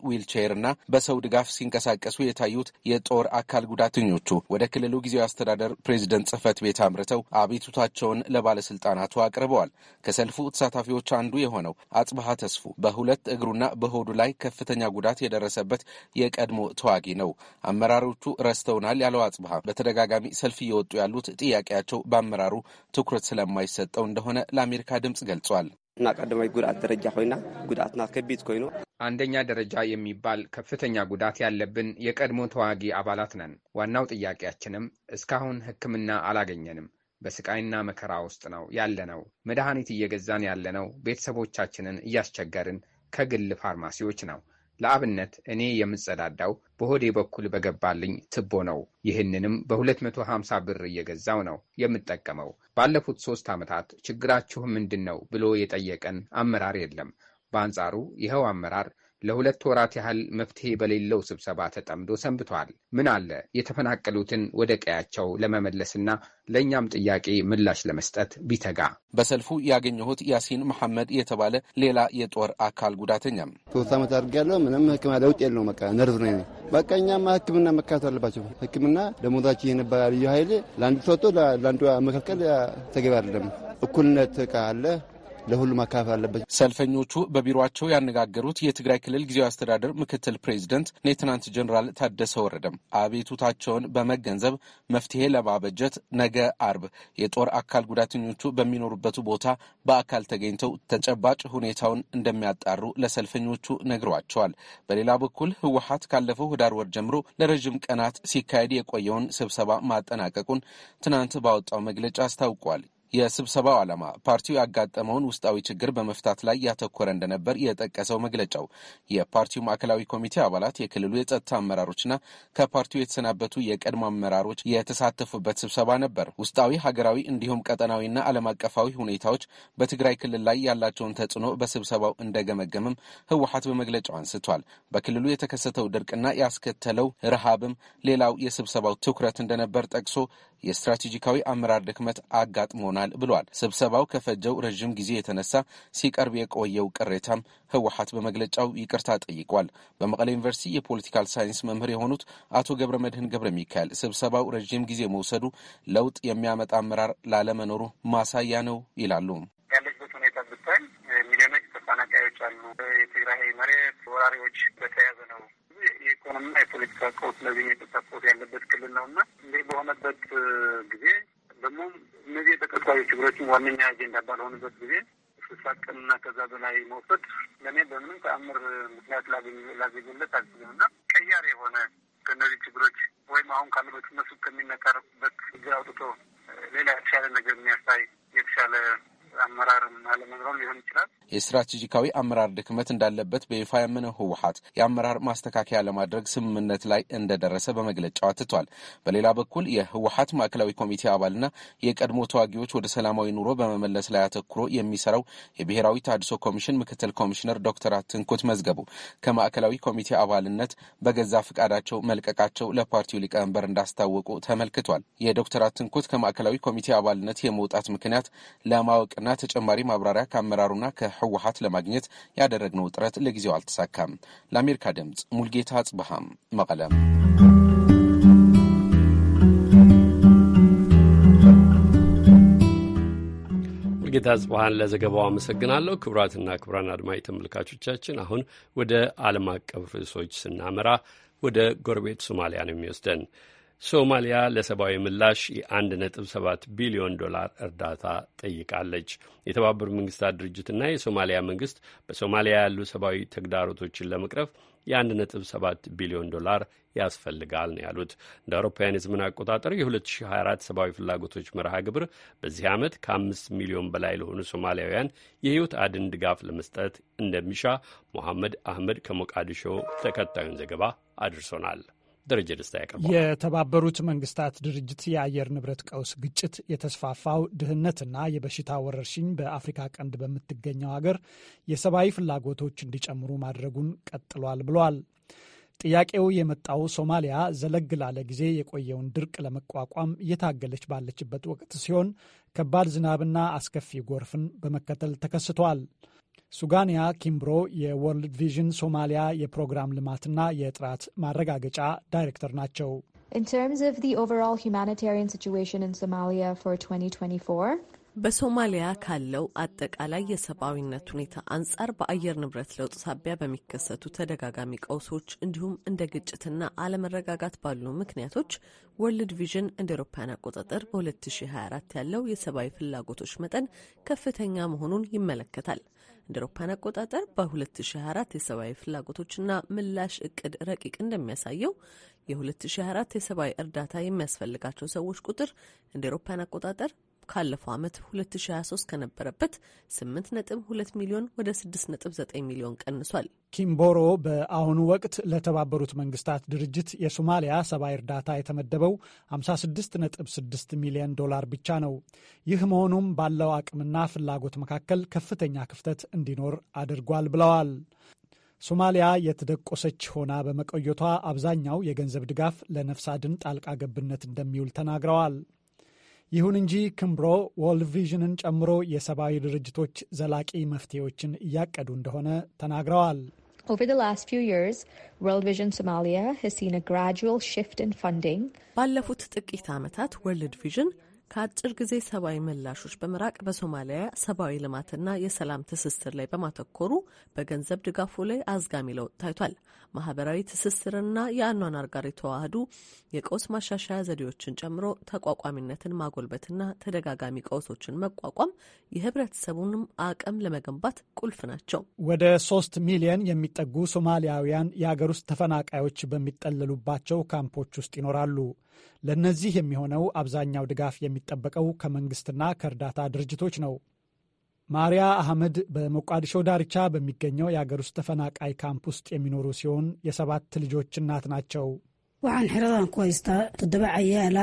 F: እና በሰው ድጋፍ ሲንቀሳቀሱ የታዩት የጦር አካል ጉዳተኞቹ ወደ ክልሉ ጊዜያዊ አስተዳደር ፕሬዚደንት ጽህፈት ቤት አምርተው አቤቱታ ቃላቸውን ለባለስልጣናቱ አቅርበዋል። ከሰልፉ ተሳታፊዎች አንዱ የሆነው አጽብሃ ተስፉ በሁለት እግሩና በሆዱ ላይ ከፍተኛ ጉዳት የደረሰበት የቀድሞ ተዋጊ ነው። አመራሮቹ ረስተውናል ያለው አጽብሃ በተደጋጋሚ ሰልፍ እየወጡ ያሉት ጥያቄያቸው በአመራሩ ትኩረት ስለማይሰጠው እንደሆነ ለአሜሪካ ድምፅ ገልጿል።
G: እና ቀዳማይ ጉዳት
F: ደረጃ ኮይና ጉዳትና ከቢት ኮይኑ አንደኛ ደረጃ የሚባል ከፍተኛ ጉዳት ያለብን
H: የቀድሞ ተዋጊ አባላት ነን። ዋናው ጥያቄያችንም እስካሁን ሕክምና አላገኘንም። በስቃይና መከራ ውስጥ ነው ያለነው። መድኃኒት እየገዛን ያለነው ቤተሰቦቻችንን እያስቸገርን ከግል ፋርማሲዎች ነው። ለአብነት እኔ የምጸዳዳው በሆዴ በኩል በገባልኝ ትቦ ነው። ይህንንም በ250 ብር እየገዛው ነው የምጠቀመው። ባለፉት ሶስት ዓመታት ችግራችሁ ምንድን ነው ብሎ የጠየቀን አመራር የለም። በአንጻሩ ይኸው አመራር ለሁለት ወራት ያህል መፍትሄ በሌለው ስብሰባ ተጠምዶ ሰንብቷል። ምን አለ የተፈናቀሉትን ወደ ቀያቸው ለመመለስና ለእኛም
F: ጥያቄ ምላሽ ለመስጠት ቢተጋ። በሰልፉ ያገኘሁት ያሲን መሐመድ የተባለ ሌላ የጦር አካል ጉዳተኛም
A: ሶስት ዓመት አድርጌያለሁ። ምንም ህክምና ለውጥ የለውም። በቃ ነርዝ ነው። በቃ እኛማ ህክምና መካት አለባቸው። ህክምና ደሞዛችን የነበረ ልዩ ኃይል ለአንዱ ሰጥቶ ለአንዱ መከልከል ተገቢ አይደለም። እኩልነት አለ ለሁሉም አካባቢ አለበት።
F: ሰልፈኞቹ በቢሮቸው ያነጋገሩት የትግራይ ክልል ጊዜያዊ አስተዳደር ምክትል ፕሬዚደንት ሌትናንት ጀኔራል ታደሰ ወረደም አቤቱታቸውን በመገንዘብ መፍትሄ ለማበጀት ነገ አርብ የጦር አካል ጉዳተኞቹ በሚኖሩበት ቦታ በአካል ተገኝተው ተጨባጭ ሁኔታውን እንደሚያጣሩ ለሰልፈኞቹ ነግሯቸዋል። በሌላ በኩል ህወሀት ካለፈው ህዳር ወር ጀምሮ ለረዥም ቀናት ሲካሄድ የቆየውን ስብሰባ ማጠናቀቁን ትናንት ባወጣው መግለጫ አስታውቋል። የስብሰባው ዓላማ ፓርቲው ያጋጠመውን ውስጣዊ ችግር በመፍታት ላይ ያተኮረ እንደነበር የጠቀሰው መግለጫው የፓርቲው ማዕከላዊ ኮሚቴ አባላት፣ የክልሉ የጸጥታ አመራሮችና ከፓርቲው የተሰናበቱ የቀድሞ አመራሮች የተሳተፉበት ስብሰባ ነበር። ውስጣዊ ሀገራዊ እንዲሁም ቀጠናዊና ዓለም አቀፋዊ ሁኔታዎች በትግራይ ክልል ላይ ያላቸውን ተጽዕኖ በስብሰባው እንደገመገምም ህወሀት በመግለጫው አንስቷል። በክልሉ የተከሰተው ድርቅና ያስከተለው ረሃብም ሌላው የስብሰባው ትኩረት እንደነበር ጠቅሶ የስትራቴጂካዊ አመራር ድክመት አጋጥሞናል ብሏል። ስብሰባው ከፈጀው ረዥም ጊዜ የተነሳ ሲቀርብ የቆየው ቅሬታም ህወሀት በመግለጫው ይቅርታ ጠይቋል። በመቀሌ ዩኒቨርሲቲ የፖለቲካል ሳይንስ መምህር የሆኑት አቶ ገብረ መድህን ገብረ ሚካኤል ስብሰባው ረዥም ጊዜ መውሰዱ ለውጥ የሚያመጣ አመራር ላለመኖሩ ማሳያ ነው ይላሉ። ያለበት ሁኔታ ብታይ
B: ሚሊዮኖች ተፈናቃዮች አሉ። የትግራይ መሬት ወራሪዎች ዋነኛ አጀንዳ ባልሆኑበት ጊዜ ስልሳ ከዛ በላይ መውሰድ
F: የስትራቴጂካዊ አመራር ድክመት እንዳለበት በይፋ ያመነው ህወሀት የአመራር ማስተካከያ ለማድረግ ስምምነት ላይ እንደደረሰ በመግለጫው አትቷል። በሌላ በኩል የህወሀት ማዕከላዊ ኮሚቴ አባልና የቀድሞ ተዋጊዎች ወደ ሰላማዊ ኑሮ በመመለስ ላይ አተኩሮ የሚሰራው የብሔራዊ ታድሶ ኮሚሽን ምክትል ኮሚሽነር ዶክተር አትንኩት መዝገቡ ከማዕከላዊ ኮሚቴ አባልነት በገዛ ፈቃዳቸው መልቀቃቸው ለፓርቲው ሊቀመንበር እንዳስታወቁ ተመልክቷል። የዶክተር አትንኩት ከማዕከላዊ ኮሚቴ አባልነት የመውጣት ምክንያት ለማወቅና ተጨማሪ ማብራሪያ ከአመራሩና ከ ከህወሀት ለማግኘት ያደረግነው ጥረት ለጊዜው አልተሳካም። ለአሜሪካ ድምፅ ሙልጌታ አጽብሃም መቀለም።
A: ጌታ ጽባህን ለዘገባው አመሰግናለሁ። ክቡራትና ክቡራን አድማጭ ተመልካቾቻችን አሁን ወደ ዓለም አቀፍ ርዕሶች ስናመራ ወደ ጎረቤት ሶማሊያ ነው የሚወስደን። ሶማሊያ ለሰብአዊ ምላሽ የ1.7 ቢሊዮን ዶላር እርዳታ ጠይቃለች። የተባበሩት መንግስታት ድርጅትና የሶማሊያ መንግስት በሶማሊያ ያሉ ሰብአዊ ተግዳሮቶችን ለመቅረፍ የ1.7 ቢሊዮን ዶላር ያስፈልጋል ነው ያሉት። እንደ አውሮፓውያን የዘመን አቆጣጠር የ2024 ሰብአዊ ፍላጎቶች መርሃ ግብር በዚህ ዓመት ከ5 ሚሊዮን በላይ ለሆኑ ሶማሊያውያን የህይወት አድን ድጋፍ ለመስጠት እንደሚሻ ሞሐመድ አህመድ ከሞቃዲሾ ተከታዩን ዘገባ አድርሶናል። ደረጀ ደስታ ያቀርበዋል።
I: የተባበሩት መንግስታት ድርጅት የአየር ንብረት ቀውስ፣ ግጭት፣ የተስፋፋው ድህነትና የበሽታ ወረርሽኝ በአፍሪካ ቀንድ በምትገኘው ሀገር የሰብአዊ ፍላጎቶች እንዲጨምሩ ማድረጉን ቀጥሏል ብለዋል። ጥያቄው የመጣው ሶማሊያ ዘለግ ላለ ጊዜ የቆየውን ድርቅ ለመቋቋም እየታገለች ባለችበት ወቅት ሲሆን ከባድ ዝናብና አስከፊ ጎርፍን በመከተል ተከስቷል። ሱጋንያ ኪምብሮ የወርልድ ቪዥን ሶማሊያ የፕሮግራም ልማትና የጥራት ማረጋገጫ
D: ዳይሬክተር ናቸው። በሶማሊያ ካለው አጠቃላይ የሰብአዊነት ሁኔታ አንጻር በአየር ንብረት ለውጥ ሳቢያ በሚከሰቱ ተደጋጋሚ ቀውሶች እንዲሁም እንደ ግጭትና አለመረጋጋት ባሉ ምክንያቶች ወርልድ ቪዥን እንደ ኤሮፓያን አቆጣጠር በ2024 ያለው የሰብአዊ ፍላጎቶች መጠን ከፍተኛ መሆኑን ይመለከታል። እንደ አውሮፓውያን አቆጣጠር በ2024 የሰብአዊ ፍላጎቶችና ምላሽ እቅድ ረቂቅ እንደሚያሳየው የ2024 የሰብአዊ እርዳታ የሚያስፈልጋቸው ሰዎች ቁጥር እንደ አውሮፓውያን አቆጣጠር ካለፈው ዓመት 2023 ከነበረበት 8.2 ሚሊዮን ወደ 6.9 ሚሊዮን ቀንሷል።
I: ኪምቦሮ በአሁኑ ወቅት ለተባበሩት መንግስታት ድርጅት የሶማሊያ ሰብአዊ እርዳታ የተመደበው 56.6 ሚሊዮን ዶላር ብቻ ነው። ይህ መሆኑም ባለው አቅምና ፍላጎት መካከል ከፍተኛ ክፍተት እንዲኖር አድርጓል ብለዋል። ሶማሊያ የተደቆሰች ሆና በመቆየቷ አብዛኛው የገንዘብ ድጋፍ ለነፍስ አድን ጣልቃ ገብነት እንደሚውል ተናግረዋል። ይሁን እንጂ ክምብሮ ወርልድ ቪዥንን ጨምሮ የሰብአዊ ድርጅቶች ዘላቂ መፍትሄዎችን እያቀዱ
D: እንደሆነ ተናግረዋል። ባለፉት ጥቂት ዓመታት ወርልድ ቪዥን ከአጭር ጊዜ ሰብአዊ ምላሾች በመራቅ በሶማሊያ ሰብአዊ ልማትና የሰላም ትስስር ላይ በማተኮሩ በገንዘብ ድጋፉ ላይ አዝጋሚ ለውጥ ታይቷል። ማህበራዊ ትስስርና የአኗኗር ጋር የተዋህዱ የቀውስ ማሻሻያ ዘዴዎችን ጨምሮ ተቋቋሚነትን ማጎልበትና ተደጋጋሚ ቀውሶችን መቋቋም የህብረተሰቡንም አቅም ለመገንባት ቁልፍ ናቸው።
I: ወደ ሶስት ሚሊየን የሚጠጉ ሶማሊያውያን የአገር ውስጥ ተፈናቃዮች በሚጠለሉባቸው ካምፖች ውስጥ ይኖራሉ። ለእነዚህ የሚሆነው አብዛኛው ድጋፍ የሚጠበቀው ከመንግስትና ከእርዳታ ድርጅቶች ነው። ማሪያ አህመድ በሞቃዲሾ ዳርቻ በሚገኘው የአገር ውስጥ ተፈናቃይ ካምፕ ውስጥ የሚኖሩ ሲሆን የሰባት ልጆች እናት ናቸው። waxaan
D: xeradan ku haystaa ዓያላ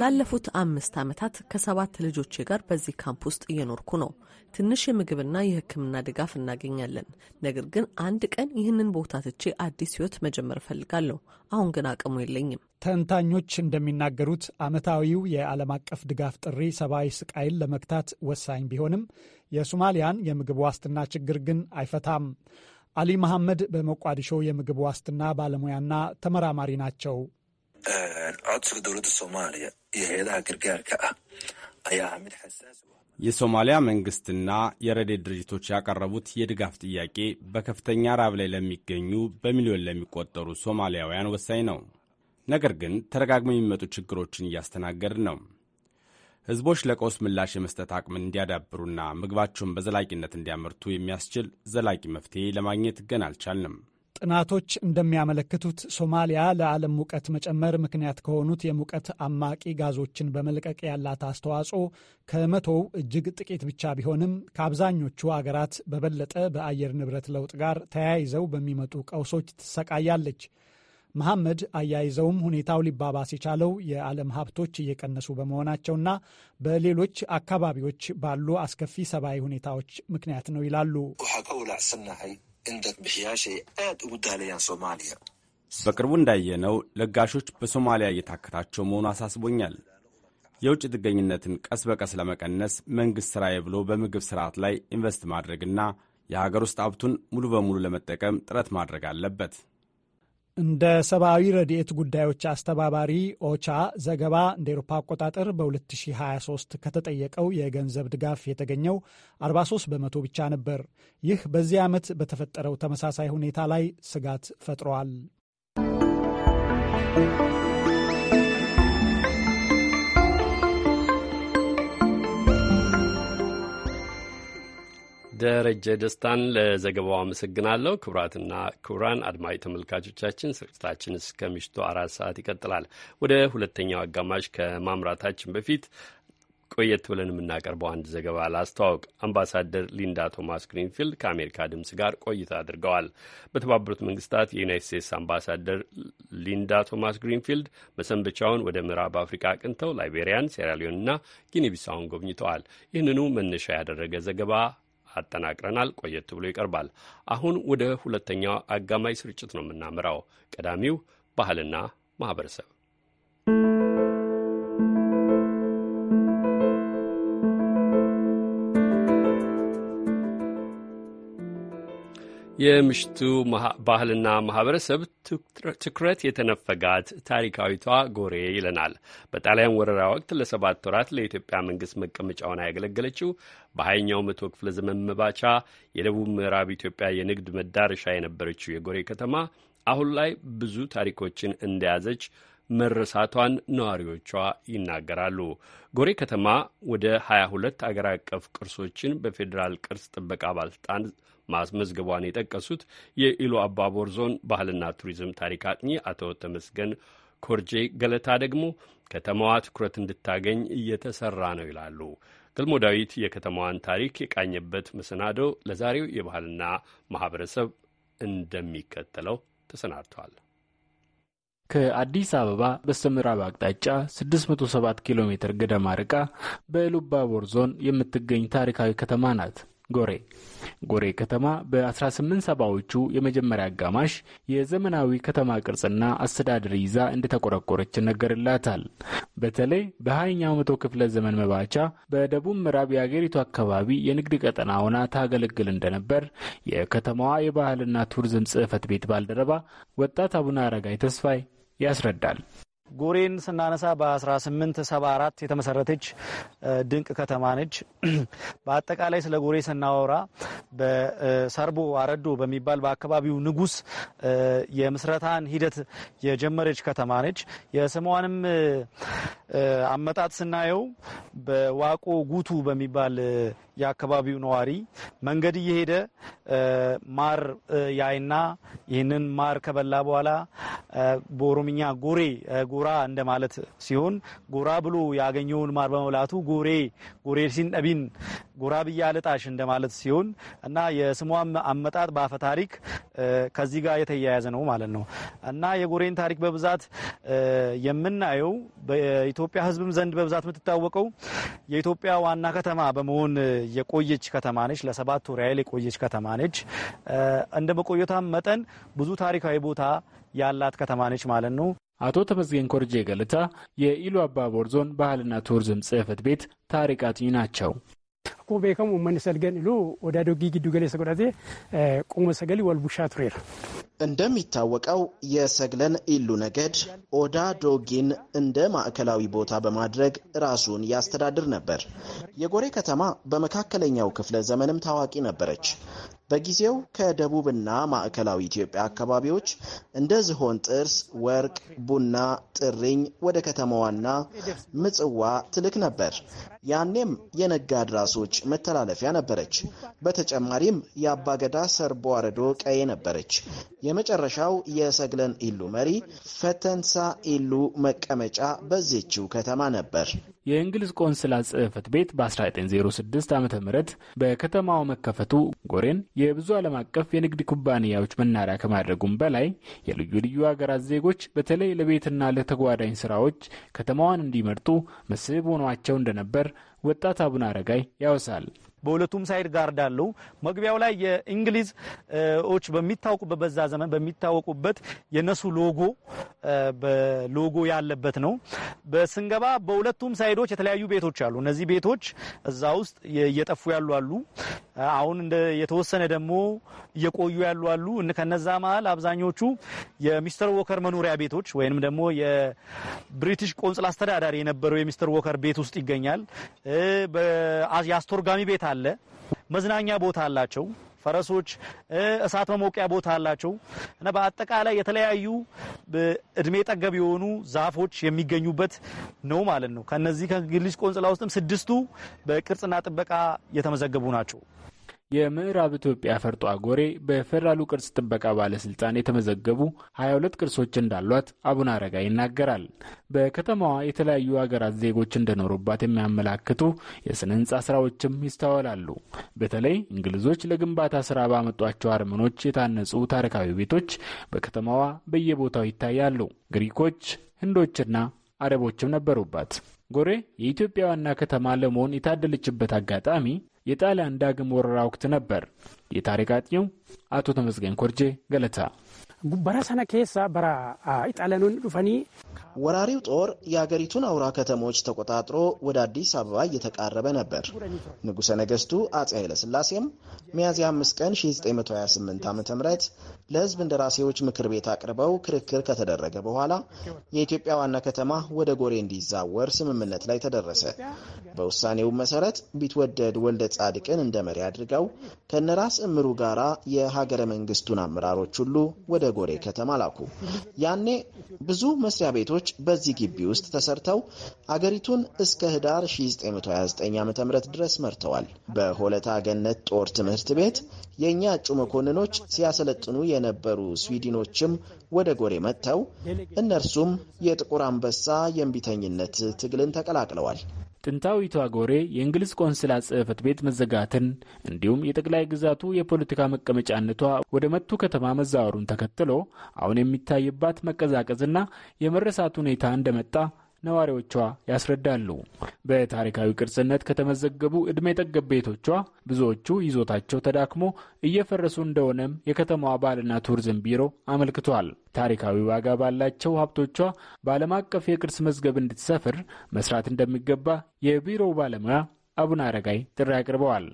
D: ላለፉት አምስት ዓመታት ከሰባት ልጆቼ ጋር በዚህ ካምፕ ውስጥ እየኖርኩ ነው። ትንሽ የምግብና የሕክምና ድጋፍ እናገኛለን። ነገር ግን አንድ ቀን ይህንን ቦታ ትቼ አዲስ ህይወት መጀመር እፈልጋለሁ። አሁን ግን
I: አቅሙ የለኝም። ተንታኞች እንደሚናገሩት ዓመታዊው የዓለም አቀፍ ድጋፍ ጥሪ ሰብአዊ ስቃይን ለመግታት ወሳኝ ቢሆንም የሶማሊያን የምግብ ዋስትና ችግር ግን አይፈታም። አሊ መሐመድ በሞቃዲሾ የምግብ ዋስትና ባለሙያና ተመራማሪ ናቸው።
H: የሶማሊያ መንግስትና የረዴ ድርጅቶች ያቀረቡት የድጋፍ ጥያቄ በከፍተኛ ራብ ላይ ለሚገኙ በሚሊዮን ለሚቆጠሩ ሶማሊያውያን ወሳኝ ነው። ነገር ግን ተደጋግመው የሚመጡ ችግሮችን እያስተናገድ ነው። ህዝቦች ለቀውስ ምላሽ የመስጠት አቅምን እንዲያዳብሩና ምግባቸውን በዘላቂነት እንዲያመርቱ የሚያስችል ዘላቂ መፍትሄ ለማግኘት ገና አልቻልንም።
I: ጥናቶች እንደሚያመለክቱት ሶማሊያ ለዓለም ሙቀት መጨመር ምክንያት ከሆኑት የሙቀት አማቂ ጋዞችን በመልቀቅ ያላት አስተዋጽኦ ከመቶው እጅግ ጥቂት ብቻ ቢሆንም ከአብዛኞቹ አገራት በበለጠ በአየር ንብረት ለውጥ ጋር ተያይዘው በሚመጡ ቀውሶች ትሰቃያለች። መሐመድ አያይዘውም ሁኔታው ሊባባስ የቻለው የዓለም ሀብቶች እየቀነሱ በመሆናቸውና በሌሎች አካባቢዎች ባሉ አስከፊ ሰብአዊ ሁኔታዎች ምክንያት ነው ይላሉ።
H: በቅርቡ እንዳየነው ለጋሾች በሶማሊያ እየታከታቸው መሆኑ አሳስቦኛል። የውጭ ጥገኝነትን ቀስ በቀስ ለመቀነስ መንግሥት ሥራዬ ብሎ በምግብ ሥርዓት ላይ ኢንቨስት ማድረግና የሀገር ውስጥ ሀብቱን ሙሉ በሙሉ ለመጠቀም ጥረት ማድረግ አለበት።
I: እንደ ሰብአዊ ረድኤት ጉዳዮች አስተባባሪ ኦቻ ዘገባ እንደ ኤሮፓ አቆጣጠር በ2023 ከተጠየቀው የገንዘብ ድጋፍ የተገኘው 43 በመቶ ብቻ ነበር። ይህ በዚህ ዓመት በተፈጠረው ተመሳሳይ ሁኔታ ላይ ስጋት ፈጥሯል።
A: ደረጀ ደስታን ለዘገባው አመሰግናለሁ። ክቡራትና ክቡራን አድማጭ ተመልካቾቻችን ስርጭታችን እስከ ምሽቱ አራት ሰዓት ይቀጥላል። ወደ ሁለተኛው አጋማሽ ከማምራታችን በፊት ቆየት ብለን የምናቀርበው አንድ ዘገባ ላስተዋውቅ። አምባሳደር ሊንዳ ቶማስ ግሪንፊልድ ከአሜሪካ ድምፅ ጋር ቆይታ አድርገዋል። በተባበሩት መንግስታት የዩናይት ስቴትስ አምባሳደር ሊንዳ ቶማስ ግሪንፊልድ መሰንበቻውን ወደ ምዕራብ አፍሪካ አቅንተው ላይቤሪያን፣ ሴራሊዮንና ጊኒቢሳውን ጎብኝተዋል። ይህንኑ መነሻ ያደረገ ዘገባ አጠናቅረናል። ቆየት ብሎ ይቀርባል። አሁን ወደ ሁለተኛው አጋማሽ ስርጭት ነው የምናምራው። ቀዳሚው ባህልና ማህበረሰብ የምሽቱ ባህልና ማህበረሰብ ትኩረት የተነፈጋት ታሪካዊቷ ጎሬ ይለናል። በጣሊያን ወረራ ወቅት ለሰባት ወራት ለኢትዮጵያ መንግስት መቀመጫውን ያገለገለችው በሀያኛው መቶ ክፍለ ዘመን መባቻ የደቡብ ምዕራብ ኢትዮጵያ የንግድ መዳረሻ የነበረችው የጎሬ ከተማ አሁን ላይ ብዙ ታሪኮችን እንደያዘች መረሳቷን ነዋሪዎቿ ይናገራሉ። ጎሬ ከተማ ወደ 22 አገር አቀፍ ቅርሶችን በፌዴራል ቅርስ ጥበቃ ባለስልጣን ማስመዝገቧን የጠቀሱት የኢሉ አባቦር ዞን ባህልና ቱሪዝም ታሪክ አጥኚ አቶ ተመስገን ኮርጄ ገለታ ደግሞ ከተማዋ ትኩረት እንድታገኝ እየተሰራ ነው ይላሉ። ገልሞ ዳዊት የከተማዋን ታሪክ የቃኘበት መሰናዶ ለዛሬው የባህልና ማህበረሰብ እንደሚከተለው ተሰናድቷል።
J: ከአዲስ አበባ በስተምዕራብ አቅጣጫ 607 ኪሎ ሜትር ገደማ ርቃ በኢሉባቦር ዞን የምትገኝ ታሪካዊ ከተማ ናት። ጎሬ ጎሬ ከተማ በ1870ዎቹ የመጀመሪያ አጋማሽ የዘመናዊ ከተማ ቅርጽና አስተዳደር ይዛ እንደተቆረቆረች ይነገርላታል። በተለይ በሃያኛው መቶ ክፍለ ዘመን መባቻ በደቡብ ምዕራብ የአገሪቱ አካባቢ የንግድ ቀጠና ሆና ታገለግል እንደነበር የከተማዋ የባህልና ቱሪዝም ጽሕፈት ቤት ባልደረባ ወጣት አቡነ አረጋይ ተስፋይ
C: ያስረዳል።
K: ጎሬን ስናነሳ በ1874 የተመሰረተች ድንቅ ከተማ ነች። በአጠቃላይ ስለ ጎሬ ስናወራ በሰርቦ አረዶ በሚባል በአካባቢው ንጉስ የምስረታን ሂደት የጀመረች ከተማ ነች። የስሟንም አመጣጥ ስናየው በዋቆ ጉቱ በሚባል የአካባቢው ነዋሪ መንገድ እየሄደ ማር ያይና ይህንን ማር ከበላ በኋላ በኦሮምኛ ጎሬ ጎራ እንደማለት ሲሆን ጎራ ብሎ ያገኘውን ማር በመብላቱ ጎሬ ጎሬ ሲንጠቢን ጉራብያ ልጣሽ እንደማለት ሲሆን እና የስሟም አመጣጥ በአፈ ታሪክ ከዚህ ጋር የተያያዘ ነው ማለት ነው እና የጎሬን ታሪክ በብዛት የምናየው በኢትዮጵያ ሕዝብም ዘንድ በብዛት የምትታወቀው የኢትዮጵያ ዋና ከተማ በመሆን የቆየች ከተማ ነች። ለሰባት ወር ያህል የቆየች ከተማ ነች።
J: እንደ መቆየቷም መጠን ብዙ ታሪካዊ ቦታ ያላት ከተማ ነች ማለት ነው። አቶ ተመዝገን ኮርጄ ገለታ የኢሉ አባቦር ዞን ባህልና ቱሪዝም ጽህፈት ቤት ታሪክ አጥኚ ናቸው። Akkuma beekamu uummanni salgan iluu odaa doggii giddu galeessa godhatee
I: ተጎዳቴ sagalii wal bushaa tureera.
C: እንደሚታወቀው የሰግለን ኢሉ ነገድ ኦዳ ዶጊን እንደ ማዕከላዊ ቦታ በማድረግ ራሱን ያስተዳድር ነበር። የጎሬ ከተማ በመካከለኛው ክፍለ ዘመንም ታዋቂ ነበረች። በጊዜው ከደቡብና ማዕከላዊ ኢትዮጵያ አካባቢዎች እንደ ዝሆን ጥርስ፣ ወርቅ፣ ቡና፣ ጥሪኝ ወደ ከተማዋና ምጽዋ ትልክ ነበር። ያኔም የነጋድ ራሶች መተላለፊያ ነበረች። በተጨማሪም የአባገዳ ሰርቦ አረዶ ቀዬ ነበረች። የመጨረሻው የሰግለን ኢሉ መሪ ፈተንሳ ኢሉ መቀመጫ በዚችው ከተማ ነበር።
J: የእንግሊዝ ቆንስላ ጽህፈት ቤት በ1906 ዓ ም በከተማው መከፈቱ ጎሬን የብዙ ዓለም አቀፍ የንግድ ኩባንያዎች መናሪያ ከማድረጉም በላይ የልዩ ልዩ ሀገራት ዜጎች በተለይ ለቤትና ለተጓዳኝ ስራዎች ከተማዋን እንዲመርጡ መስህብ ሆኗቸው እንደነበር ወጣት አቡነ አረጋይ ያወሳል።
K: በሁለቱም ሳይድ ጋርድ አለው። መግቢያው ላይ የእንግሊዞች በሚታወቁበት በዛ ዘመን በሚታወቁበት የነሱ ሎጎ በሎጎ ያለበት ነው። በስንገባ በሁለቱም ሳይዶች የተለያዩ ቤቶች አሉ። እነዚህ ቤቶች እዛ ውስጥ እየጠፉ ያሉ አሉ። አሁን እንደ የተወሰነ ደግሞ እየቆዩ ያሉ አሉ። ከነዛ መሀል አብዛኞቹ የሚስተር ወከር መኖሪያ ቤቶች ወይንም ደግሞ የብሪቲሽ ቆንጽል አስተዳዳሪ የነበረው የሚስተር ወከር ቤት ውስጥ ይገኛል። የአስተርጓሚ ቤት አለ። አለ፣ መዝናኛ ቦታ አላቸው፣ ፈረሶች እሳት መሞቂያ ቦታ አላቸው እና በአጠቃላይ የተለያዩ እድሜ ጠገብ የሆኑ ዛፎች የሚገኙበት ነው ማለት ነው። ከነዚህ ከግሊስ ቆንጽላ ውስጥም ስድስቱ
J: በቅርጽና ጥበቃ የተመዘገቡ ናቸው። የምዕራብ ኢትዮጵያ ፈርጦ አጎሬ በፌዴራሉ ቅርስ ጥበቃ ባለስልጣን የተመዘገቡ 22 ቅርሶች እንዳሏት አቡነ አረጋ ይናገራል። በከተማዋ የተለያዩ ሀገራት ዜጎች እንደኖሩባት የሚያመላክቱ የስነ ህንፃ ስራዎችም ይስተዋላሉ። በተለይ እንግሊዞች ለግንባታ ስራ ባመጧቸው አርመኖች የታነጹ ታሪካዊ ቤቶች በከተማዋ በየቦታው ይታያሉ። ግሪኮች፣ ህንዶችና አረቦችም ነበሩባት። ጎሬ የኢትዮጵያ ዋና ከተማ ለመሆን የታደለችበት አጋጣሚ የጣሊያን ዳግም ወረራ ወቅት ነበር። የታሪክ አጥኚው አቶ ተመስገን ኮርጄ ገለታ ጉበራ ኬሳ በራ ኢጣሊያኖን ዱፈኒ
C: ወራሪው ጦር የአገሪቱን አውራ ከተሞች ተቆጣጥሮ ወደ አዲስ አበባ እየተቃረበ ነበር። ንጉሠ ነገሥቱ አጼ ኃይለሥላሴም ሚያዝያ 5 ቀን 1928 ዓ ም ለሕዝብ እንደራሴዎች ምክር ቤት አቅርበው ክርክር ከተደረገ በኋላ የኢትዮጵያ ዋና ከተማ ወደ ጎሬ እንዲዛወር ስምምነት ላይ ተደረሰ። በውሳኔው መሰረት ቢትወደድ ወልደ ጻድቅን እንደ መሪ አድርገው ከነራስ እምሩ ጋራ የሀገረ መንግስቱን አመራሮች ሁሉ ወደ ጎሬ ከተማ ላኩ። ያኔ ብዙ መስሪያ ቤቶች መንገዶች በዚህ ግቢ ውስጥ ተሰርተው አገሪቱን እስከ ህዳር 1929 ዓ ም ድረስ መርተዋል። በሆለታ ገነት ጦር ትምህርት ቤት የእኛ እጩ መኮንኖች ሲያሰለጥኑ የነበሩ ስዊድኖችም ወደ ጎሬ መጥተው እነርሱም የጥቁር አንበሳ የእምቢተኝነት ትግልን ተቀላቅለዋል። ጥንታዊቷ ጎሬ
J: የእንግሊዝ ቆንስላ ጽህፈት ቤት መዘጋትን እንዲሁም የጠቅላይ ግዛቱ የፖለቲካ መቀመጫነቷ ወደ መቱ ከተማ መዛወሩን ተከትሎ አሁን የሚታይባት መቀዛቀዝና የመረሳት ሁኔታ እንደመጣ ነዋሪዎቿ ያስረዳሉ። በታሪካዊ ቅርጽነት ከተመዘገቡ ዕድሜ ጠገብ ቤቶቿ ብዙዎቹ ይዞታቸው ተዳክሞ እየፈረሱ እንደሆነም የከተማዋ ባህልና ቱሪዝም ቢሮ አመልክቷል። ታሪካዊ ዋጋ ባላቸው ሀብቶቿ በዓለም አቀፍ የቅርስ መዝገብ እንድትሰፍር መስራት እንደሚገባ የቢሮው ባለሙያ አቡነ አረጋይ ጥሪ አቅርበዋል።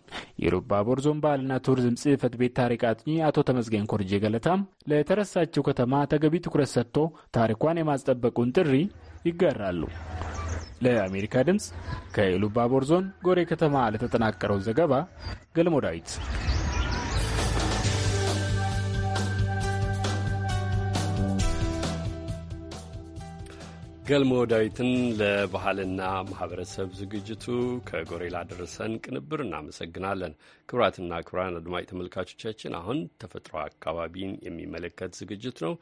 J: የሮባ ባቡር ዞን ባህልና ቱሪዝም ጽህፈት ቤት ታሪክ አጥኚ አቶ ተመስገን ኮርጄ ገለታም ለተረሳችው ከተማ ተገቢ ትኩረት ሰጥቶ ታሪኳን የማስጠበቁን ጥሪ ይጋራሉ። ለአሜሪካ ድምፅ ከኢሉባቦር ዞን ጎሬ ከተማ ለተጠናቀረው ዘገባ ገልሞ ዳዊት
A: ገልሞ ዳዊትን ለባህልና ማህበረሰብ ዝግጅቱ ከጎሬላ ደረሰን ቅንብር እናመሰግናለን። ክቡራትና ክቡራን አድማጭ ተመልካቾቻችን አሁን ተፈጥሮ አካባቢን የሚመለከት ዝግጅት ነው።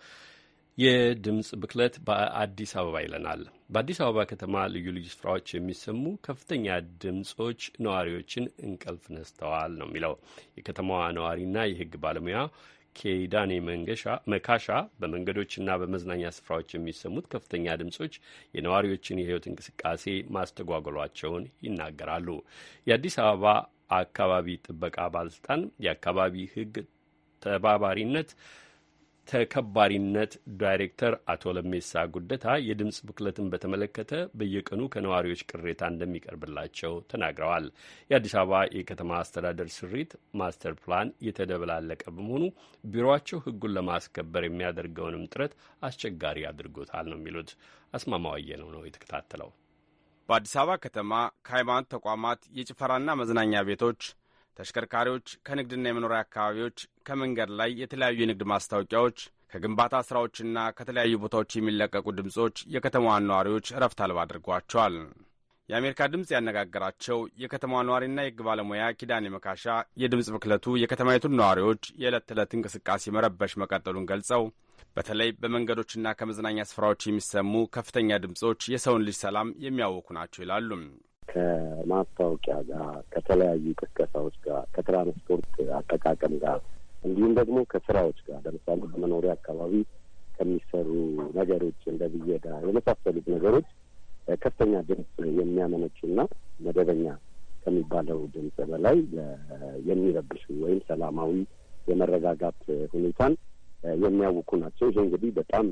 A: የድምፅ ብክለት በአዲስ አበባ ይለናል። በአዲስ አበባ ከተማ ልዩ ልዩ ስፍራዎች የሚሰሙ ከፍተኛ ድምፆች ነዋሪዎችን እንቅልፍ ነስተዋል ነው የሚለው የከተማዋ ነዋሪና የህግ ባለሙያ ኬዳኔ መካሻ በመንገዶችና በመዝናኛ ስፍራዎች የሚሰሙት ከፍተኛ ድምጾች የነዋሪዎችን የህይወት እንቅስቃሴ ማስተጓጎሏቸውን ይናገራሉ። የአዲስ አበባ አካባቢ ጥበቃ ባለስልጣን የአካባቢ ህግ ተባባሪነት ተከባሪነት ዳይሬክተር አቶ ለሜሳ ጉደታ የድምፅ ብክለትን በተመለከተ በየቀኑ ከነዋሪዎች ቅሬታ እንደሚቀርብላቸው ተናግረዋል። የአዲስ አበባ የከተማ አስተዳደር ስሪት ማስተር ፕላን የተደበላለቀ በመሆኑ ቢሮቸው ሕጉን ለማስከበር የሚያደርገውንም ጥረት አስቸጋሪ አድርጎታል ነው የሚሉት። አስማማዋየ ነው ነው የተከታተለው። በአዲስ አበባ ከተማ ከሃይማኖት ተቋማት
H: የጭፈራና መዝናኛ ቤቶች ተሽከርካሪዎች ከንግድና የመኖሪያ አካባቢዎች ከመንገድ ላይ የተለያዩ የንግድ ማስታወቂያዎች ከግንባታ ሥራዎችና ከተለያዩ ቦታዎች የሚለቀቁ ድምፆች የከተማዋን ነዋሪዎች እረፍት አልባ አድርጓቸዋል። የአሜሪካ ድምፅ ያነጋገራቸው የከተማዋ ነዋሪና የሕግ ባለሙያ ኪዳኔ መካሻ የድምፅ ብክለቱ የከተማይቱን ነዋሪዎች የዕለት ተዕለት እንቅስቃሴ መረበሽ መቀጠሉን ገልጸው በተለይ በመንገዶችና ከመዝናኛ ስፍራዎች የሚሰሙ ከፍተኛ ድምፆች የሰውን ልጅ ሰላም የሚያወኩ ናቸው ይላሉ።
L: ከማስታወቂያ ጋር፣ ከተለያዩ ቅስቀሳዎች ጋር፣ ከትራንስፖርት አጠቃቀም ጋር እንዲሁም ደግሞ ከስራዎች ጋር ለምሳሌ በመኖሪያ አካባቢ ከሚሰሩ ነገሮች እንደ ብየዳ የመሳሰሉት ነገሮች ከፍተኛ ድምፅ የሚያመነጩና መደበኛ ከሚባለው ድምፅ በላይ የሚረብሹ ወይም ሰላማዊ የመረጋጋት ሁኔታን የሚያውኩ ናቸው። ይሄ እንግዲህ በጣም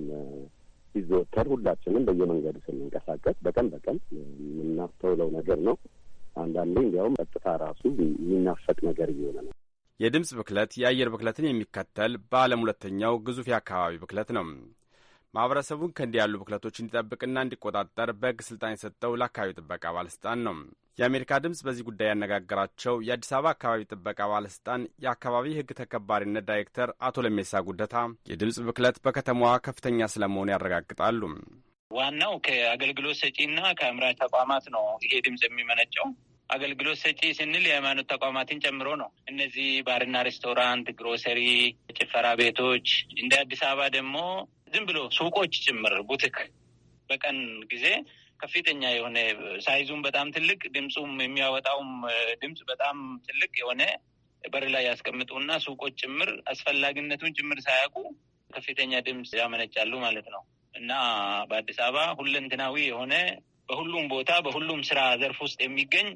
L: ሲዘወተር ሁላችንም በየመንገዱ ስንንቀሳቀስ በቀን በቀን የምናስተውለው ነገር ነው። አንዳንዴ እንዲያውም ቀጥታ ራሱ የሚናፈቅ ነገር እየሆነ ነው።
H: የድምፅ ብክለት የአየር ብክለትን የሚከተል በዓለም ሁለተኛው ግዙፍ የአካባቢ ብክለት ነው። ማህበረሰቡን ከእንዲህ ያሉ ብክለቶች እንዲጠብቅና እንዲቆጣጠር በሕግ ስልጣን የሰጠው ለአካባቢ ጥበቃ ባለስልጣን ነው። የአሜሪካ ድምፅ በዚህ ጉዳይ ያነጋገራቸው የአዲስ አበባ አካባቢ ጥበቃ ባለስልጣን የአካባቢ ሕግ ተከባሪነት ዳይሬክተር አቶ ለሜሳ ጉደታ የድምፅ ብክለት በከተማዋ ከፍተኛ ስለመሆኑ ያረጋግጣሉ።
M: ዋናው ከአገልግሎት ሰጪና ከአምራች ተቋማት ነው ይሄ ድምፅ የሚመነጨው። አገልግሎት ሰጪ ስንል የሃይማኖት ተቋማትን ጨምሮ ነው። እነዚህ ባርና ሬስቶራንት፣ ግሮሰሪ፣ ጭፈራ ቤቶች እንደ አዲስ አበባ ደግሞ ዝም ብሎ ሱቆች ጭምር ቡትክ በቀን ጊዜ ከፍተኛ የሆነ ሳይዙም በጣም ትልቅ ድምፁም የሚያወጣውም ድምፅ በጣም ትልቅ የሆነ በር ላይ ያስቀምጡና ሱቆች ጭምር አስፈላጊነቱን ጭምር ሳያውቁ ከፍተኛ ድምፅ ያመነጫሉ ማለት ነው እና በአዲስ አበባ ሁለንትናዊ የሆነ በሁሉም ቦታ በሁሉም ስራ ዘርፍ ውስጥ የሚገኝ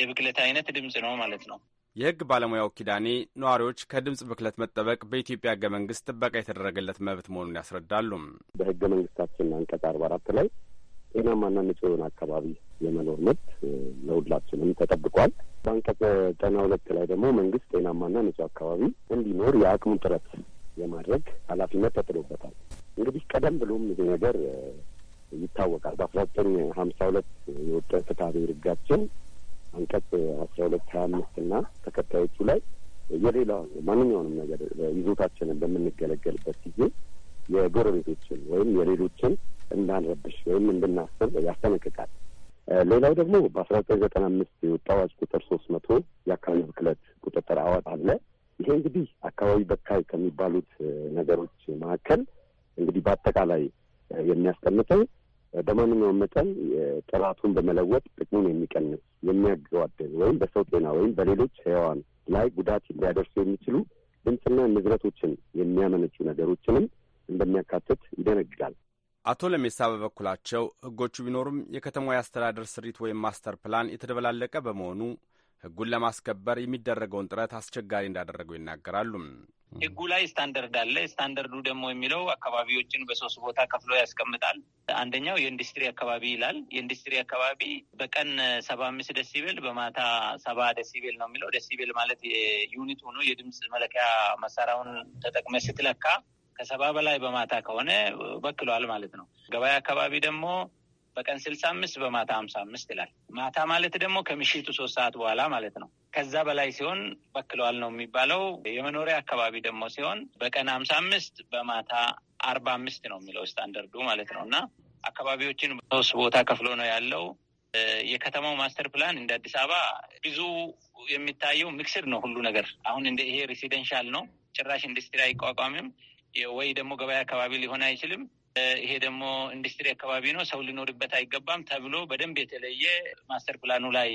M: የብክለት አይነት ድምፅ ነው ማለት ነው።
H: የህግ ባለሙያው ኪዳኔ ነዋሪዎች ከድምፅ ብክለት መጠበቅ በኢትዮጵያ ህገ መንግስት ጥበቃ የተደረገለት መብት መሆኑን ያስረዳሉ።
L: በህገ መንግስታችን አንቀጽ አርባ አራት ላይ ጤናማና ንጹህ የሆነ አካባቢ የመኖር መብት ለሁላችንም ተጠብቋል። በአንቀጽ ዘጠና ሁለት ላይ ደግሞ መንግስት ጤናማና ንጹህ አካባቢ እንዲኖር የአቅሙ ጥረት የማድረግ ኃላፊነት ተጥሎበታል። እንግዲህ ቀደም ብሎም ይሄ ነገር ይታወቃል። በአስራ ዘጠኝ ሀምሳ ሁለት የወጣ ፍትሐ ብሔር ህጋችን አንቀጽ አስራ ሁለት ሀያ አምስት እና ተከታዮቹ ላይ የሌላው ማንኛውንም ነገር ይዞታችንን በምንገለገልበት ጊዜ የጎረቤቶችን ወይም የሌሎችን እንዳንረብሽ ወይም እንድናስብ ያስጠነቅቃል። ሌላው ደግሞ በአስራ ዘጠኝ ዘጠና አምስት የወጣ አዋጅ ቁጥር ሶስት መቶ የአካባቢ ብክለት ቁጥጥር አዋጅ አለ። ይሄ እንግዲህ አካባቢ በካይ ከሚባሉት ነገሮች መካከል እንግዲህ በአጠቃላይ የሚያስቀምጠው በማንኛውም መጠን ጥራቱን በመለወጥ ጥቅሙን የሚቀንስ የሚያገዋደል ወይም በሰው ጤና ወይም በሌሎች ሕያዋን ላይ ጉዳት ሊያደርሱ የሚችሉ ድምፅና ንዝረቶችን የሚያመነጩ ነገሮችንም እንደሚያካትት ይደነግጋል።
H: አቶ ለሜሳ በበኩላቸው ሕጎቹ ቢኖሩም የከተማዋ የአስተዳደር ስሪት ወይም ማስተር ፕላን የተደበላለቀ በመሆኑ ሕጉን ለማስከበር የሚደረገውን ጥረት አስቸጋሪ እንዳደረገው ይናገራሉ።
M: ህጉ ላይ ስታንደርድ አለ። ስታንደርዱ ደግሞ የሚለው አካባቢዎችን በሶስት ቦታ ከፍሎ ያስቀምጣል። አንደኛው የኢንዱስትሪ አካባቢ ይላል። የኢንዱስትሪ አካባቢ በቀን ሰባ አምስት ደሲቤል በማታ ሰባ ደሲቤል ነው የሚለው። ደሲቤል ማለት የዩኒት ሆኖ የድምፅ መለኪያ መሳሪያውን ተጠቅመ ስትለካ ከሰባ በላይ በማታ ከሆነ በክሏል ማለት ነው። ገበያ አካባቢ ደግሞ በቀን ስልሳ አምስት በማታ ሀምሳ አምስት ይላል። ማታ ማለት ደግሞ ከምሽቱ ሶስት ሰዓት በኋላ ማለት ነው። ከዛ በላይ ሲሆን በክለዋል ነው የሚባለው። የመኖሪያ አካባቢ ደግሞ ሲሆን በቀን ሀምሳ አምስት በማታ አርባ አምስት ነው የሚለው ስታንደርዱ ማለት ነው። እና አካባቢዎችን ሶስት ቦታ ከፍሎ ነው ያለው። የከተማው ማስተር ፕላን እንደ አዲስ አበባ ብዙ የሚታየው ሚክስድ ነው ሁሉ ነገር። አሁን እንደ ይሄ ሬሲደንሻል ነው ጭራሽ ኢንዱስትሪ አይቋቋምም ወይ ደግሞ ገበያ አካባቢ ሊሆን አይችልም ይሄ ደግሞ ኢንዱስትሪ አካባቢ ነው፣ ሰው ሊኖርበት አይገባም ተብሎ በደንብ የተለየ ማስተር ፕላኑ ላይ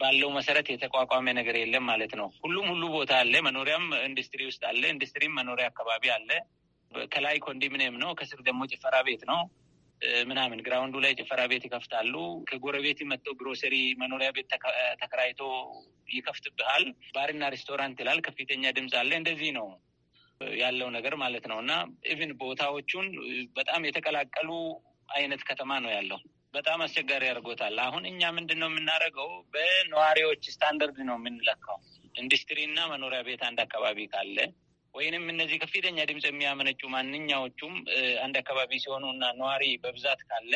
M: ባለው መሰረት የተቋቋመ ነገር የለም ማለት ነው። ሁሉም ሁሉ ቦታ አለ። መኖሪያም ኢንዱስትሪ ውስጥ አለ፣ ኢንዱስትሪም መኖሪያ አካባቢ አለ። ከላይ ኮንዶሚኒየም ነው፣ ከስር ደግሞ ጭፈራ ቤት ነው ምናምን ግራውንዱ ላይ ጭፈራ ቤት ይከፍታሉ። ከጎረቤት መጥተው ግሮሰሪ መኖሪያ ቤት ተከራይቶ ይከፍትብሃል። ባርና ሬስቶራንት ይላል። ከፍተኛ ድምፅ አለ። እንደዚህ ነው ያለው ነገር ማለት ነው እና ኢቭን ቦታዎቹን በጣም የተቀላቀሉ አይነት ከተማ ነው ያለው። በጣም አስቸጋሪ ያደርጎታል። አሁን እኛ ምንድን ነው የምናደርገው? በነዋሪዎች ስታንደርድ ነው የምንለካው። ኢንዱስትሪ እና መኖሪያ ቤት አንድ አካባቢ ካለ ወይንም እነዚህ ከፍተኛ ድምፅ የሚያመነጩ ማንኛዎቹም አንድ አካባቢ ሲሆኑ እና ነዋሪ በብዛት ካለ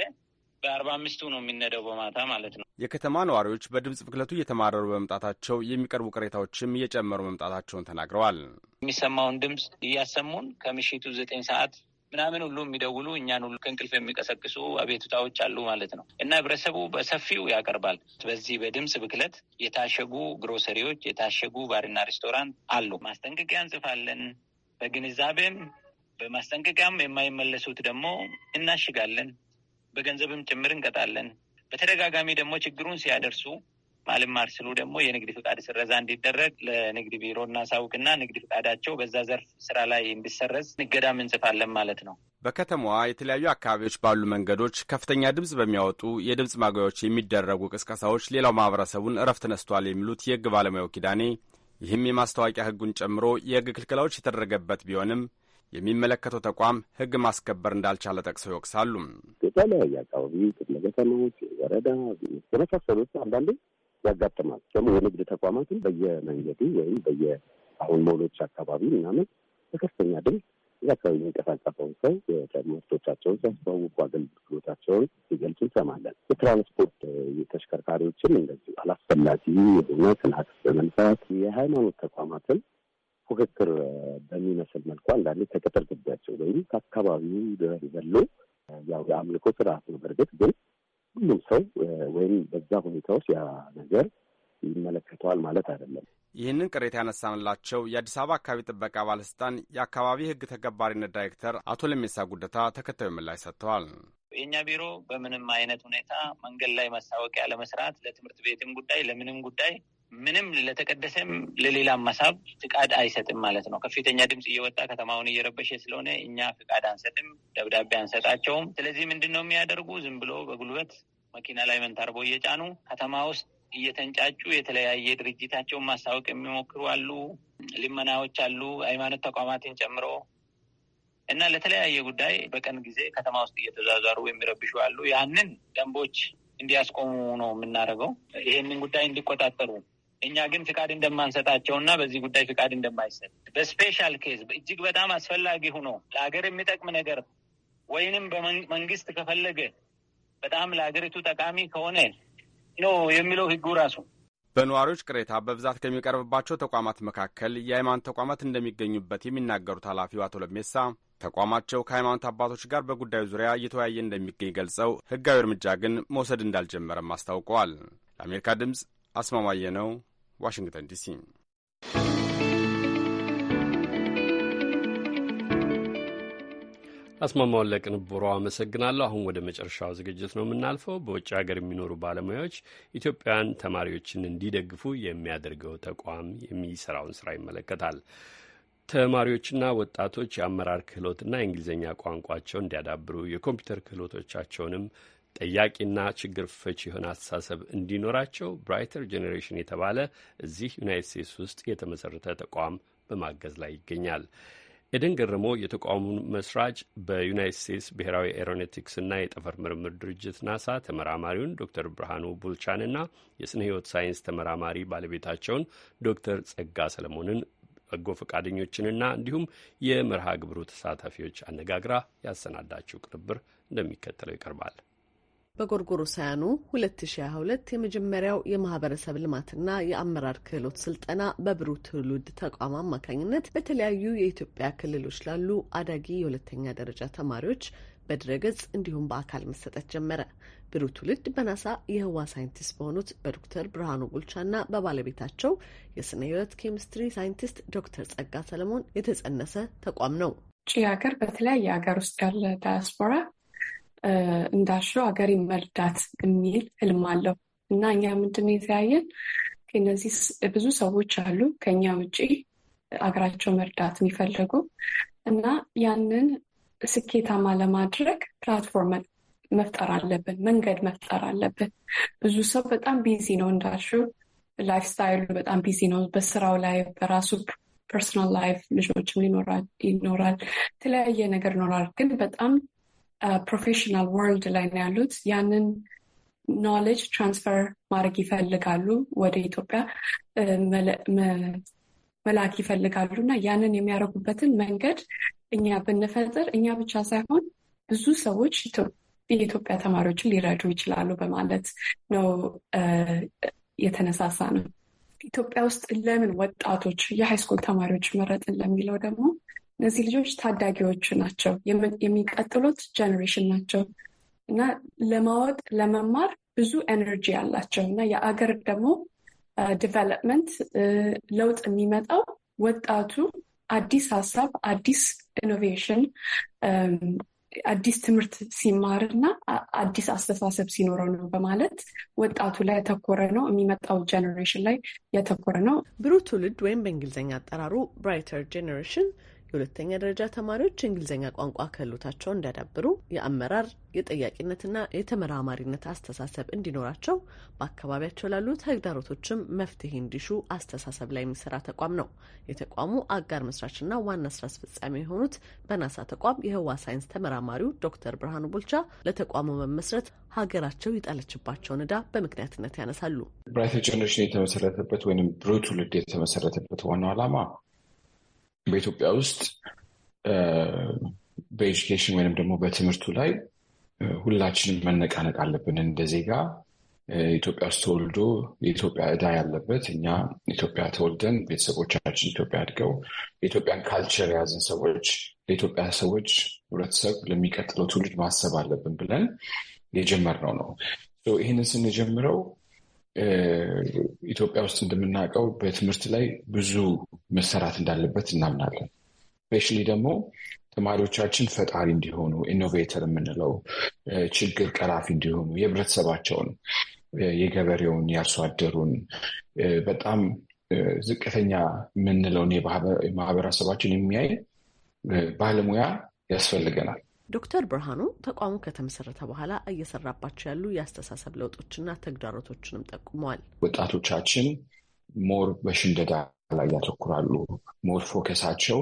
M: በአርባ አምስቱ ነው የሚነደው በማታ ማለት
H: የከተማ ነዋሪዎች በድምፅ ብክለቱ እየተማረሩ በመምጣታቸው የሚቀርቡ ቅሬታዎችም እየጨመሩ መምጣታቸውን ተናግረዋል።
M: የሚሰማውን ድምፅ እያሰሙን ከምሽቱ ዘጠኝ ሰዓት ምናምን ሁሉ የሚደውሉ እኛን ሁሉ ከእንቅልፍ የሚቀሰቅሱ አቤቱታዎች አሉ ማለት ነው እና ህብረተሰቡ በሰፊው ያቀርባል። በዚህ በድምፅ ብክለት የታሸጉ ግሮሰሪዎች፣ የታሸጉ ባርና ሬስቶራንት አሉ። ማስጠንቀቂያ እንጽፋለን። በግንዛቤም በማስጠንቀቂያም የማይመለሱት ደግሞ እናሽጋለን። በገንዘብም ጭምር እንቀጣለን። በተደጋጋሚ ደግሞ ችግሩን ሲያደርሱ ማልማር ስሉ ደግሞ የንግድ ፍቃድ ስረዛ እንዲደረግ ለንግድ ቢሮ እናሳውቅና ንግድ ፍቃዳቸው በዛ ዘርፍ ስራ ላይ እንዲሰረዝ እገዳም እንጽፋለን ማለት ነው።
H: በከተማዋ የተለያዩ አካባቢዎች ባሉ መንገዶች ከፍተኛ ድምፅ በሚያወጡ የድምፅ ማጉያዎች የሚደረጉ ቅስቀሳዎች ሌላው ማህበረሰቡን እረፍት ነስቷል የሚሉት የህግ ባለሙያው ኪዳኔ፣ ይህም የማስታወቂያ ህጉን ጨምሮ የህግ ክልክላዎች የተደረገበት ቢሆንም የሚመለከተው ተቋም ህግ ማስከበር እንዳልቻለ ጠቅሰው ይወቅሳሉ።
L: የተለያየ አካባቢ ክፍለ ከተማዎች፣ ወረዳ የመሳሰሉት አንዳንዴ ያጋጥማል። ደግሞ የንግድ ተቋማትን በየመንገዱ ወይም በየአሁን ሞሎች አካባቢ ምናምን በከፍተኛ ድምፅ እዚያ አካባቢ የሚንቀሳቀሰውን ሰው ምርቶቻቸውን ሲያስተዋውቁ አገልግሎታቸውን ሲገልጹ እንሰማለን። የትራንስፖርት ተሽከርካሪዎችም እንደዚሁ አላስፈላጊ የሆነ ትናክስ በመንሳት የሃይማኖት ተቋማትን ፉክክር በሚመስል መልኩ አንዳንዴ ከቅጥር ግቢያቸው ወይም ከአካባቢው ዘሎ ያው የአምልኮ ስርዓት ነው። በእርግጥ ግን ሁሉም ሰው ወይም በዛ ሁኔታ ውስጥ ያ ነገር ይመለከተዋል ማለት አይደለም።
H: ይህንን ቅሬታ ያነሳንላቸው የአዲስ አበባ አካባቢ ጥበቃ ባለስልጣን የአካባቢ ሕግ ተገባሪነት ዳይሬክተር አቶ ለሜሳ ጉደታ ተከታዩ ምላሽ ሰጥተዋል።
M: የእኛ ቢሮ በምንም አይነት ሁኔታ መንገድ ላይ ማስታወቂያ ለመስራት ለትምህርት ቤትም ጉዳይ ለምንም ጉዳይ ምንም ለተቀደሰም ለሌላም መሳብ ፍቃድ አይሰጥም ማለት ነው። ከፍተኛ ድምፅ እየወጣ ከተማውን እየረበሸ ስለሆነ እኛ ፍቃድ አንሰጥም፣ ደብዳቤ አንሰጣቸውም። ስለዚህ ምንድን ነው የሚያደርጉ? ዝም ብሎ በጉልበት መኪና ላይ መንታርቦ እየጫኑ ከተማ ውስጥ እየተንጫጩ የተለያየ ድርጅታቸውን ማስታወቅ የሚሞክሩ አሉ። ልመናዎች አሉ፣ ሃይማኖት ተቋማትን ጨምሮ እና ለተለያየ ጉዳይ በቀን ጊዜ ከተማ ውስጥ እየተዟዟሩ የሚረብሹ አሉ። ያንን ደንቦች እንዲያስቆሙ ነው የምናደርገው። ይሄንን ጉዳይ እንዲቆጣጠሩ እኛ ግን ፍቃድ እንደማንሰጣቸው እና በዚህ ጉዳይ ፍቃድ እንደማይሰጥ በስፔሻል ኬዝ እጅግ በጣም አስፈላጊ ሆኖ ለሀገር የሚጠቅም ነገር ወይንም በመንግስት ከፈለገ በጣም ለሀገሪቱ ጠቃሚ ከሆነ ነው የሚለው ህጉ ራሱ።
H: በነዋሪዎች ቅሬታ በብዛት ከሚቀርብባቸው ተቋማት መካከል የሃይማኖት ተቋማት እንደሚገኙበት የሚናገሩት ኃላፊው አቶ ለሜሳ ተቋማቸው ከሃይማኖት አባቶች ጋር በጉዳዩ ዙሪያ እየተወያየ እንደሚገኝ ገልጸው ህጋዊ እርምጃ ግን መውሰድ እንዳልጀመረም አስታውቀዋል። ለአሜሪካ ድምፅ አስማማየ ነው ዋሽንግተን ዲሲ።
A: አስማማውን ለቅንብሮ አመሰግናለሁ። አሁን ወደ መጨረሻው ዝግጅት ነው የምናልፈው። በውጭ ሀገር የሚኖሩ ባለሙያዎች ኢትዮጵያውያን ተማሪዎችን እንዲደግፉ የሚያደርገው ተቋም የሚሰራውን ስራ ይመለከታል። ተማሪዎችና ወጣቶች የአመራር ክህሎትና የእንግሊዝኛ ቋንቋቸውን እንዲያዳብሩ የኮምፒውተር ክህሎቶቻቸውንም ጠያቂና ችግር ፈች የሆነ አስተሳሰብ እንዲኖራቸው ብራይተር ጄኔሬሽን የተባለ እዚህ ዩናይት ስቴትስ ውስጥ የተመሰረተ ተቋም በማገዝ ላይ ይገኛል። ኤደን ገረሞ የተቋሙን መስራች በዩናይት ስቴትስ ብሔራዊ ኤሮኔቲክስና የጠፈር ምርምር ድርጅት ናሳ ተመራማሪውን ዶክተር ብርሃኑ ቡልቻንና የስነ ህይወት ሳይንስ ተመራማሪ ባለቤታቸውን ዶክተር ጸጋ ሰለሞንን በጎ ፈቃደኞችንና እንዲሁም የመርሃ ግብሩ ተሳታፊዎች አነጋግራ ያሰናዳችው ቅንብር እንደሚከተለው ይቀርባል።
D: ሳያኑ 2022 የመጀመሪያው የማህበረሰብ ልማትና የአመራር ክህሎት ስልጠና በብሩህ ትውልድ ተቋም አማካኝነት በተለያዩ የኢትዮጵያ ክልሎች ላሉ አዳጊ የሁለተኛ ደረጃ ተማሪዎች በድረገጽ እንዲሁም በአካል መሰጠት ጀመረ። ብሩህ ትውልድ በናሳ የህዋ ሳይንቲስት በሆኑት በዶክተር ብርሃኑ ቡልቻና በባለቤታቸው የስነ ህይወት ኬሚስትሪ ሳይንቲስት ዶክተር ጸጋ ሰለሞን የተጸነሰ ተቋም ነው።
N: ጭ ሀገር በተለያየ ሀገር ውስጥ ያለ ዳያስፖራ እንዳልሽው ሀገር መርዳት የሚል ህልም አለው እና እኛ ምንድን የተያየን እነዚህ ብዙ ሰዎች አሉ ከኛ ውጭ አገራቸው መርዳት የሚፈልጉ እና ያንን ስኬታማ ለማድረግ ፕላትፎርም መፍጠር አለብን፣ መንገድ መፍጠር አለብን። ብዙ ሰው በጣም ቢዚ ነው እንዳሹ ላይፍ ስታይሉ በጣም ቢዚ ነው። በስራው ላይ በራሱ ፐርሶናል ላይፍ ልጆችም ይኖራል፣ የተለያየ ነገር ይኖራል። ግን በጣም ፕሮፌሽናል ወርልድ ላይ ነው ያሉት። ያንን ኖሌጅ ትራንስፈር ማድረግ ይፈልጋሉ፣ ወደ ኢትዮጵያ መላክ ይፈልጋሉ እና ያንን የሚያደርጉበትን መንገድ እኛ ብንፈጥር እኛ ብቻ ሳይሆን ብዙ ሰዎች የኢትዮጵያ ተማሪዎችን ሊረዱ ይችላሉ በማለት ነው የተነሳሳ ነው። ኢትዮጵያ ውስጥ ለምን ወጣቶች የሃይስኩል ተማሪዎች መረጥን ለሚለው ደግሞ እነዚህ ልጆች ታዳጊዎቹ ናቸው፣ የሚቀጥሉት ጀኔሬሽን ናቸው እና ለማወቅ ለመማር ብዙ ኤነርጂ ያላቸው እና የአገር ደግሞ ዲቨሎፕመንት ለውጥ የሚመጣው ወጣቱ አዲስ ሀሳብ፣ አዲስ ኢኖቬሽን፣ አዲስ ትምህርት ሲማር እና አዲስ አስተሳሰብ ሲኖረው ነው በማለት ወጣቱ ላይ ያተኮረ ነው። የሚመጣው
D: ጀኔሬሽን ላይ ያተኮረ ነው። ብሩህ ትውልድ ወይም በእንግሊዝኛ አጠራሩ ብራይተር ጀኔሬሽን የሁለተኛ ደረጃ ተማሪዎች የእንግሊዝኛ ቋንቋ ክህሎታቸውን እንዲያዳብሩ የአመራር የጠያቂነትና የተመራማሪነት አስተሳሰብ እንዲኖራቸው በአካባቢያቸው ላሉ ተግዳሮቶችም መፍትሄ እንዲሹ አስተሳሰብ ላይ የሚሰራ ተቋም ነው። የተቋሙ አጋር መስራችና ዋና ስራ አስፈጻሚ የሆኑት በናሳ ተቋም የህዋ ሳይንስ ተመራማሪው ዶክተር ብርሃኑ ቦልቻ ለተቋሙ መመስረት ሀገራቸው የጣለችባቸውን ዕዳ በምክንያትነት ያነሳሉ። ብራይት ጀኔሬሽን
O: የተመሰረተበት ወይም ብሩህ ትውልድ የተመሰረተበት ዋናው ዓላማ በኢትዮጵያ ውስጥ በኤጁኬሽን ወይም ደግሞ በትምህርቱ ላይ ሁላችንም መነቃነቅ አለብን። እንደ ዜጋ ኢትዮጵያ ውስጥ ተወልዶ የኢትዮጵያ እዳ ያለበት እኛ ኢትዮጵያ ተወልደን ቤተሰቦቻችን ኢትዮጵያ አድገው የኢትዮጵያን ካልቸር የያዝን ሰዎች ለኢትዮጵያ ሰዎች ህብረተሰብ ለሚቀጥለው ትውልድ ማሰብ አለብን ብለን የጀመርነው ነው። ይህንን ስንጀምረው ኢትዮጵያ ውስጥ እንደምናውቀው በትምህርት ላይ ብዙ መሰራት እንዳለበት እናምናለን። ስፔሻሊ ደግሞ ተማሪዎቻችን ፈጣሪ እንዲሆኑ ኢኖቬተር የምንለው ችግር ቀራፊ እንዲሆኑ የህብረተሰባቸውን፣ የገበሬውን፣ የአርሶ አደሩን በጣም ዝቅተኛ የምንለውን የማህበረሰባችን የሚያይ ባለሙያ ያስፈልገናል።
D: ዶክተር ብርሃኑ ተቋሙ ከተመሰረተ በኋላ እየሰራባቸው ያሉ የአስተሳሰብ ለውጦችና ተግዳሮቶችንም ጠቁመዋል።
O: ወጣቶቻችን ሞር በሽምደዳ ላይ ያተኩራሉ። ሞር ፎከሳቸው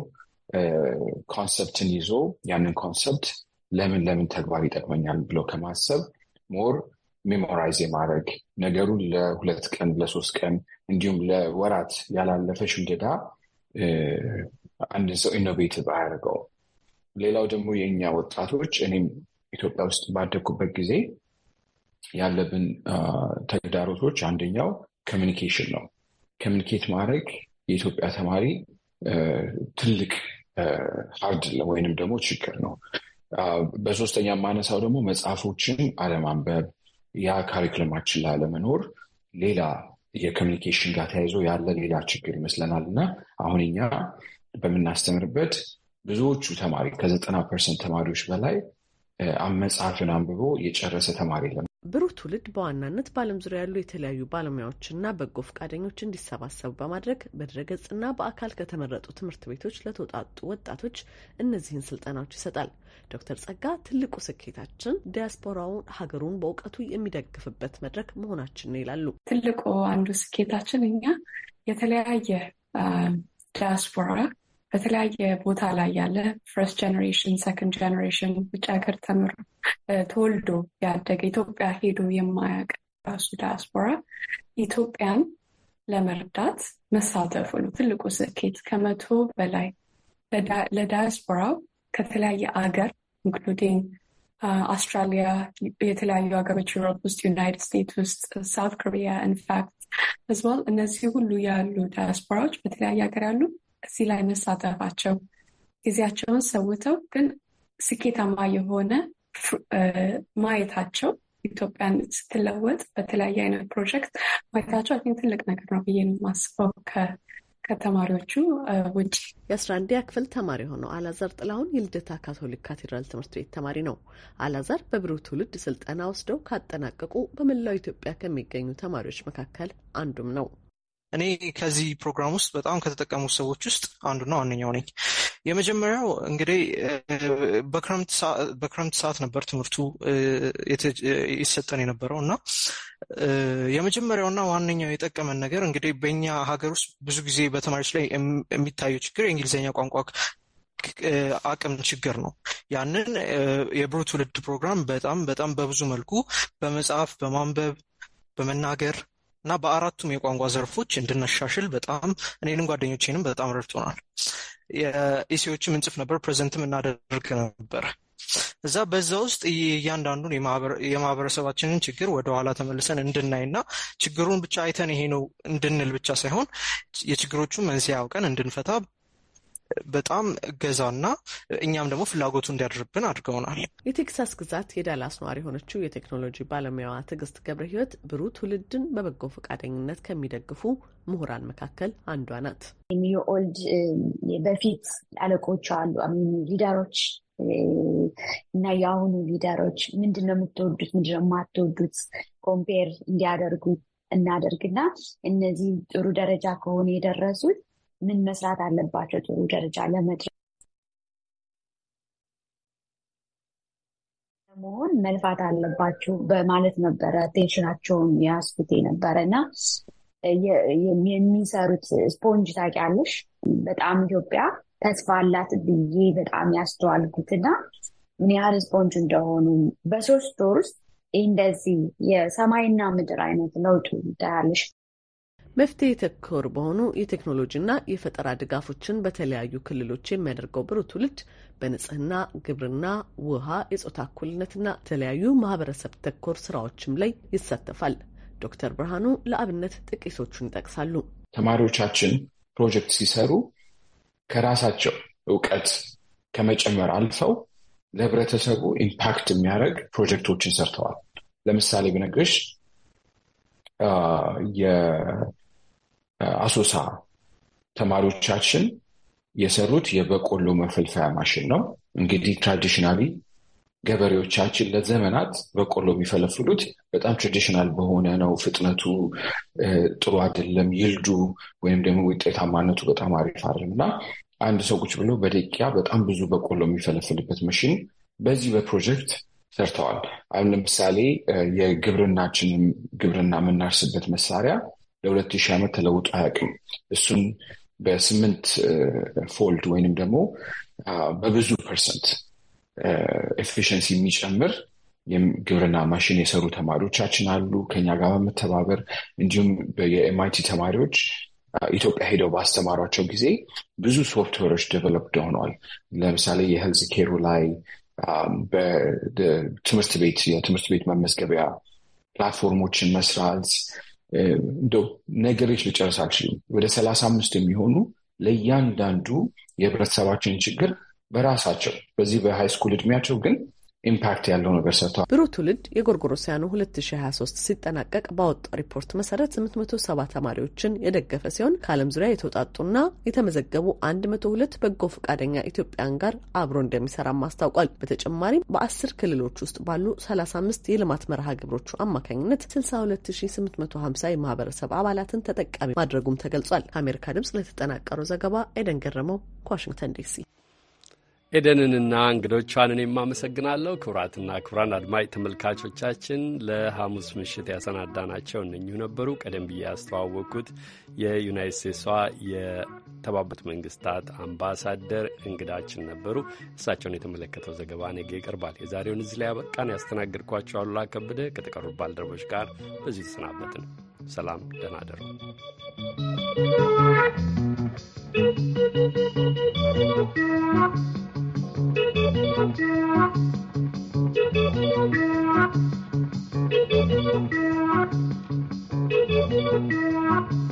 O: ኮንሰፕትን ይዞ ያንን ኮንሰፕት ለምን ለምን ተግባር ይጠቅመኛል ብለው ከማሰብ ሞር ሜሞራይዝ የማድረግ ነገሩን ለሁለት ቀን ለሶስት ቀን እንዲሁም ለወራት ያላለፈ ሽምደዳ አንድ ሰው ኢኖቬቲቭ አያደርገውም። ሌላው ደግሞ የእኛ ወጣቶች እኔም ኢትዮጵያ ውስጥ ባደግኩበት ጊዜ ያለብን ተግዳሮቶች አንደኛው ኮሚኒኬሽን ነው። ኮሚኒኬት ማድረግ የኢትዮጵያ ተማሪ ትልቅ ሀርድ ወይንም ደግሞ ችግር ነው። በሶስተኛ የማነሳው ደግሞ መጽሐፎችን አለማንበብ፣ ያ ካሪክለማችን ላለመኖር ሌላ የኮሚኒኬሽን ጋር ተያይዞ ያለ ሌላ ችግር ይመስለናል እና አሁን እኛ በምናስተምርበት ብዙዎቹ ተማሪ ከዘጠና ፐርሰንት ተማሪዎች በላይ መጽሐፍን አንብቦ የጨረሰ ተማሪ የለም።
D: ብሩህ ትውልድ በዋናነት በዓለም ዙሪያ ያሉ የተለያዩ ባለሙያዎችና በጎ ፈቃደኞች እንዲሰባሰቡ በማድረግ በድረገጽና በአካል ከተመረጡ ትምህርት ቤቶች ለተውጣጡ ወጣቶች እነዚህን ስልጠናዎች ይሰጣል። ዶክተር ጸጋ ትልቁ ስኬታችን ዲያስፖራውን ሀገሩን በእውቀቱ የሚደግፍበት መድረክ መሆናችን ነው ይላሉ። ትልቁ አንዱ
N: ስኬታችን እኛ የተለያየ ዲያስፖራ በተለያየ ቦታ ላይ ያለ ፈርስት ጀኔሬሽን ሰከንድ ጀኔሬሽን ውጭ ሀገር ተምሮ ተወልዶ ያደገ ኢትዮጵያ ሄዶ የማያውቅ ራሱ ዳያስፖራ ኢትዮጵያን ለመርዳት መሳተፉ ነው ትልቁ ስኬት። ከመቶ በላይ ለዳያስፖራው ከተለያየ አገር ኢንክሉዲንግ አውስትራሊያ፣ የተለያዩ ሀገሮች ዩሮፕ ውስጥ፣ ዩናይትድ ስቴትስ ውስጥ፣ ሳውት ኮሪያ ኢንፋክት እነዚህ ሁሉ ያሉ ዳያስፖራዎች በተለያየ ሀገር ያሉ እዚህ ላይ መሳተፋቸው ጊዜያቸውን ሰውተው ግን ስኬታማ የሆነ ማየታቸው ኢትዮጵያን ስትለወጥ በተለያየ አይነት ፕሮጀክት ማየታቸው አን ትልቅ ነገር ነው ብዬ ማስበው ከተማሪዎቹ ውጭ።
D: የአስራ አንደኛ ክፍል ተማሪ የሆነው አላዛር ጥላሁን የልደታ ካቶሊክ ካቴድራል ትምህርት ቤት ተማሪ ነው። አላዛር በብሩህ ትውልድ ስልጠና ወስደው ካጠናቀቁ በመላው ኢትዮጵያ ከሚገኙ ተማሪዎች መካከል አንዱም ነው።
G: እኔ ከዚህ ፕሮግራም ውስጥ በጣም ከተጠቀሙ ሰዎች ውስጥ አንዱና ዋነኛው ነኝ። የመጀመሪያው እንግዲህ በክረምት ሰዓት ነበር ትምህርቱ ይሰጠን የነበረው እና የመጀመሪያውና ዋነኛው የጠቀመን ነገር እንግዲህ በእኛ ሀገር ውስጥ ብዙ ጊዜ በተማሪዎች ላይ የሚታየው ችግር የእንግሊዝኛ ቋንቋ አቅም ችግር ነው። ያንን የብሩህ ትውልድ ፕሮግራም በጣም በጣም በብዙ መልኩ በመጽሐፍ፣ በማንበብ፣ በመናገር እና በአራቱም የቋንቋ ዘርፎች እንድናሻሽል በጣም እኔንም ጓደኞቼንም በጣም ረድቶናል። የኢሲዎችም እንጽፍ ነበር፣ ፕሬዘንትም እናደርግ ነበር። እዛ በዛ ውስጥ እያንዳንዱን የማህበረሰባችንን ችግር ወደኋላ ተመልሰን እንድናይና ችግሩን ብቻ አይተን ይሄ ነው እንድንል ብቻ ሳይሆን የችግሮቹን መንስኤ አውቀን እንድንፈታ በጣም እገዛና እኛም ደግሞ ፍላጎቱ እንዲያድርብን አድርገውናል።
D: የቴክሳስ ግዛት የዳላስ ነዋሪ የሆነችው የቴክኖሎጂ ባለሙያዋ ትዕግስት ገብረ ህይወት ብሩ ትውልድን በበጎ ፈቃደኝነት ከሚደግፉ ምሁራን መካከል አንዷ ናት።
O: ኒውኦልድ በፊት አለቆች አሉ ሊደሮች እና የአሁኑ ሊደሮች ምንድን ነው የምትወዱት፣ ምንድን ነው የማትወዱት ኮምፔር እንዲያደርጉ እናደርግና እነዚህ ጥሩ ደረጃ ከሆነ የደረሱት ምን መስራት አለባቸው ጥሩ ደረጃ ለመድረስ መሆን መልፋት አለባቸው በማለት ነበረ ቴንሽናቸውን ያስኩት ነበረ እና የሚሰሩት ስፖንጅ ታውቂያለሽ፣ በጣም ኢትዮጵያ ተስፋ አላት ብዬ በጣም ያስተዋልኩት እና ምን ያህል ስፖንጅ እንደሆኑ በሶስት ወር ውስጥ እንደዚህ የሰማይና ምድር አይነት ለውጡ ይታያለሽ
D: መፍትሄ ተኮር በሆኑ የቴክኖሎጂና የፈጠራ ድጋፎችን በተለያዩ ክልሎች የሚያደርገው ብሩህ ትውልድ በንጽህና፣ ግብርና፣ ውሃ፣ የጾታ እኩልነትና የተለያዩ ማህበረሰብ ተኮር ስራዎችም ላይ ይሳተፋል። ዶክተር ብርሃኑ ለአብነት ጥቂቶቹን ይጠቅሳሉ።
O: ተማሪዎቻችን ፕሮጀክት ሲሰሩ ከራሳቸው እውቀት ከመጨመር አልፈው ለህብረተሰቡ ኢምፓክት የሚያደርግ ፕሮጀክቶችን ሰርተዋል። ለምሳሌ ብነግርሽ አሶሳ ተማሪዎቻችን የሰሩት የበቆሎ መፈልፈያ ማሽን ነው። እንግዲህ ትራዲሽናሊ ገበሬዎቻችን ለዘመናት በቆሎ የሚፈለፍሉት በጣም ትራዲሽናል በሆነ ነው። ፍጥነቱ ጥሩ አይደለም፣ ይልዱ ወይም ደግሞ ውጤታማነቱ በጣም አሪፍ አይደለም እና አንድ ሰው ቁጭ ብሎ በደቂቃ በጣም ብዙ በቆሎ የሚፈለፍልበት መሽን በዚህ በፕሮጀክት ሰርተዋል። አሁን ለምሳሌ የግብርናችንም ግብርና የምናርስበት መሳሪያ ለሁለት ሺህ ዓመት ተለውጦ አያውቅም። እሱን በስምንት ፎልድ ወይንም ደግሞ በብዙ ፐርሰንት ኤፊሽንሲ የሚጨምር የግብርና ማሽን የሰሩ ተማሪዎቻችን አሉ ከኛ ጋር በመተባበር እንዲሁም የኤምአይቲ ተማሪዎች ኢትዮጵያ ሄደው ባስተማሯቸው ጊዜ ብዙ ሶፍትዌሮች ዴቨሎፕድ ሆነዋል። ለምሳሌ የሄልዝ ኬሩ ላይ በትምህርት ቤት የትምህርት ቤት መመዝገቢያ ፕላትፎርሞችን መስራት እንደው ነገሬች ልጨርስ አልችልም። ወደ ሰላሳ አምስት የሚሆኑ ለእያንዳንዱ የህብረተሰባችን ችግር በራሳቸው በዚህ በሃይስኩል እድሜያቸው ግን ኢምፓክት ያለው ነገር ሰጥተዋል። ብሩህ
D: ትውልድ የጎርጎሮሲያኑ 2023 ሲጠናቀቅ ባወጣው ሪፖርት መሰረት 870 ተማሪዎችን የደገፈ ሲሆን ከዓለም ዙሪያ የተውጣጡና የተመዘገቡ 102 በጎ ፈቃደኛ ኢትዮጵያን ጋር አብሮ እንደሚሰራም አስታውቋል። በተጨማሪም በ10 ክልሎች ውስጥ ባሉ 35 የልማት መርሃ ግብሮቹ አማካኝነት 62850 የማህበረሰብ አባላትን ተጠቃሚ ማድረጉም ተገልጿል። ከአሜሪካ ድምጽ ለተጠናቀረው ዘገባ ኤደን ገረመው ከዋሽንግተን ዲሲ
A: ኤደንንና እንግዶቿን እኔ አመሰግናለሁ። ክቡራትና ክቡራን አድማጭ ተመልካቾቻችን ለሐሙስ ምሽት ያሰናዳናቸው እነኚሁ ነበሩ። ቀደም ብዬ ያስተዋወቅኩት የዩናይት ስቴትሷ የተባበሩት መንግስታት አምባሳደር እንግዳችን ነበሩ። እሳቸውን የተመለከተው ዘገባ ነገ ይቀርባል። የዛሬውን እዚህ ላይ አበቃን። ያስተናግድኳቸው አሉላ ከበደ ከተቀሩ ባልደረቦች ጋር በዚሁ ተሰናበትን። ሰላም፣ ደህና ደሩ።
B: Thank you.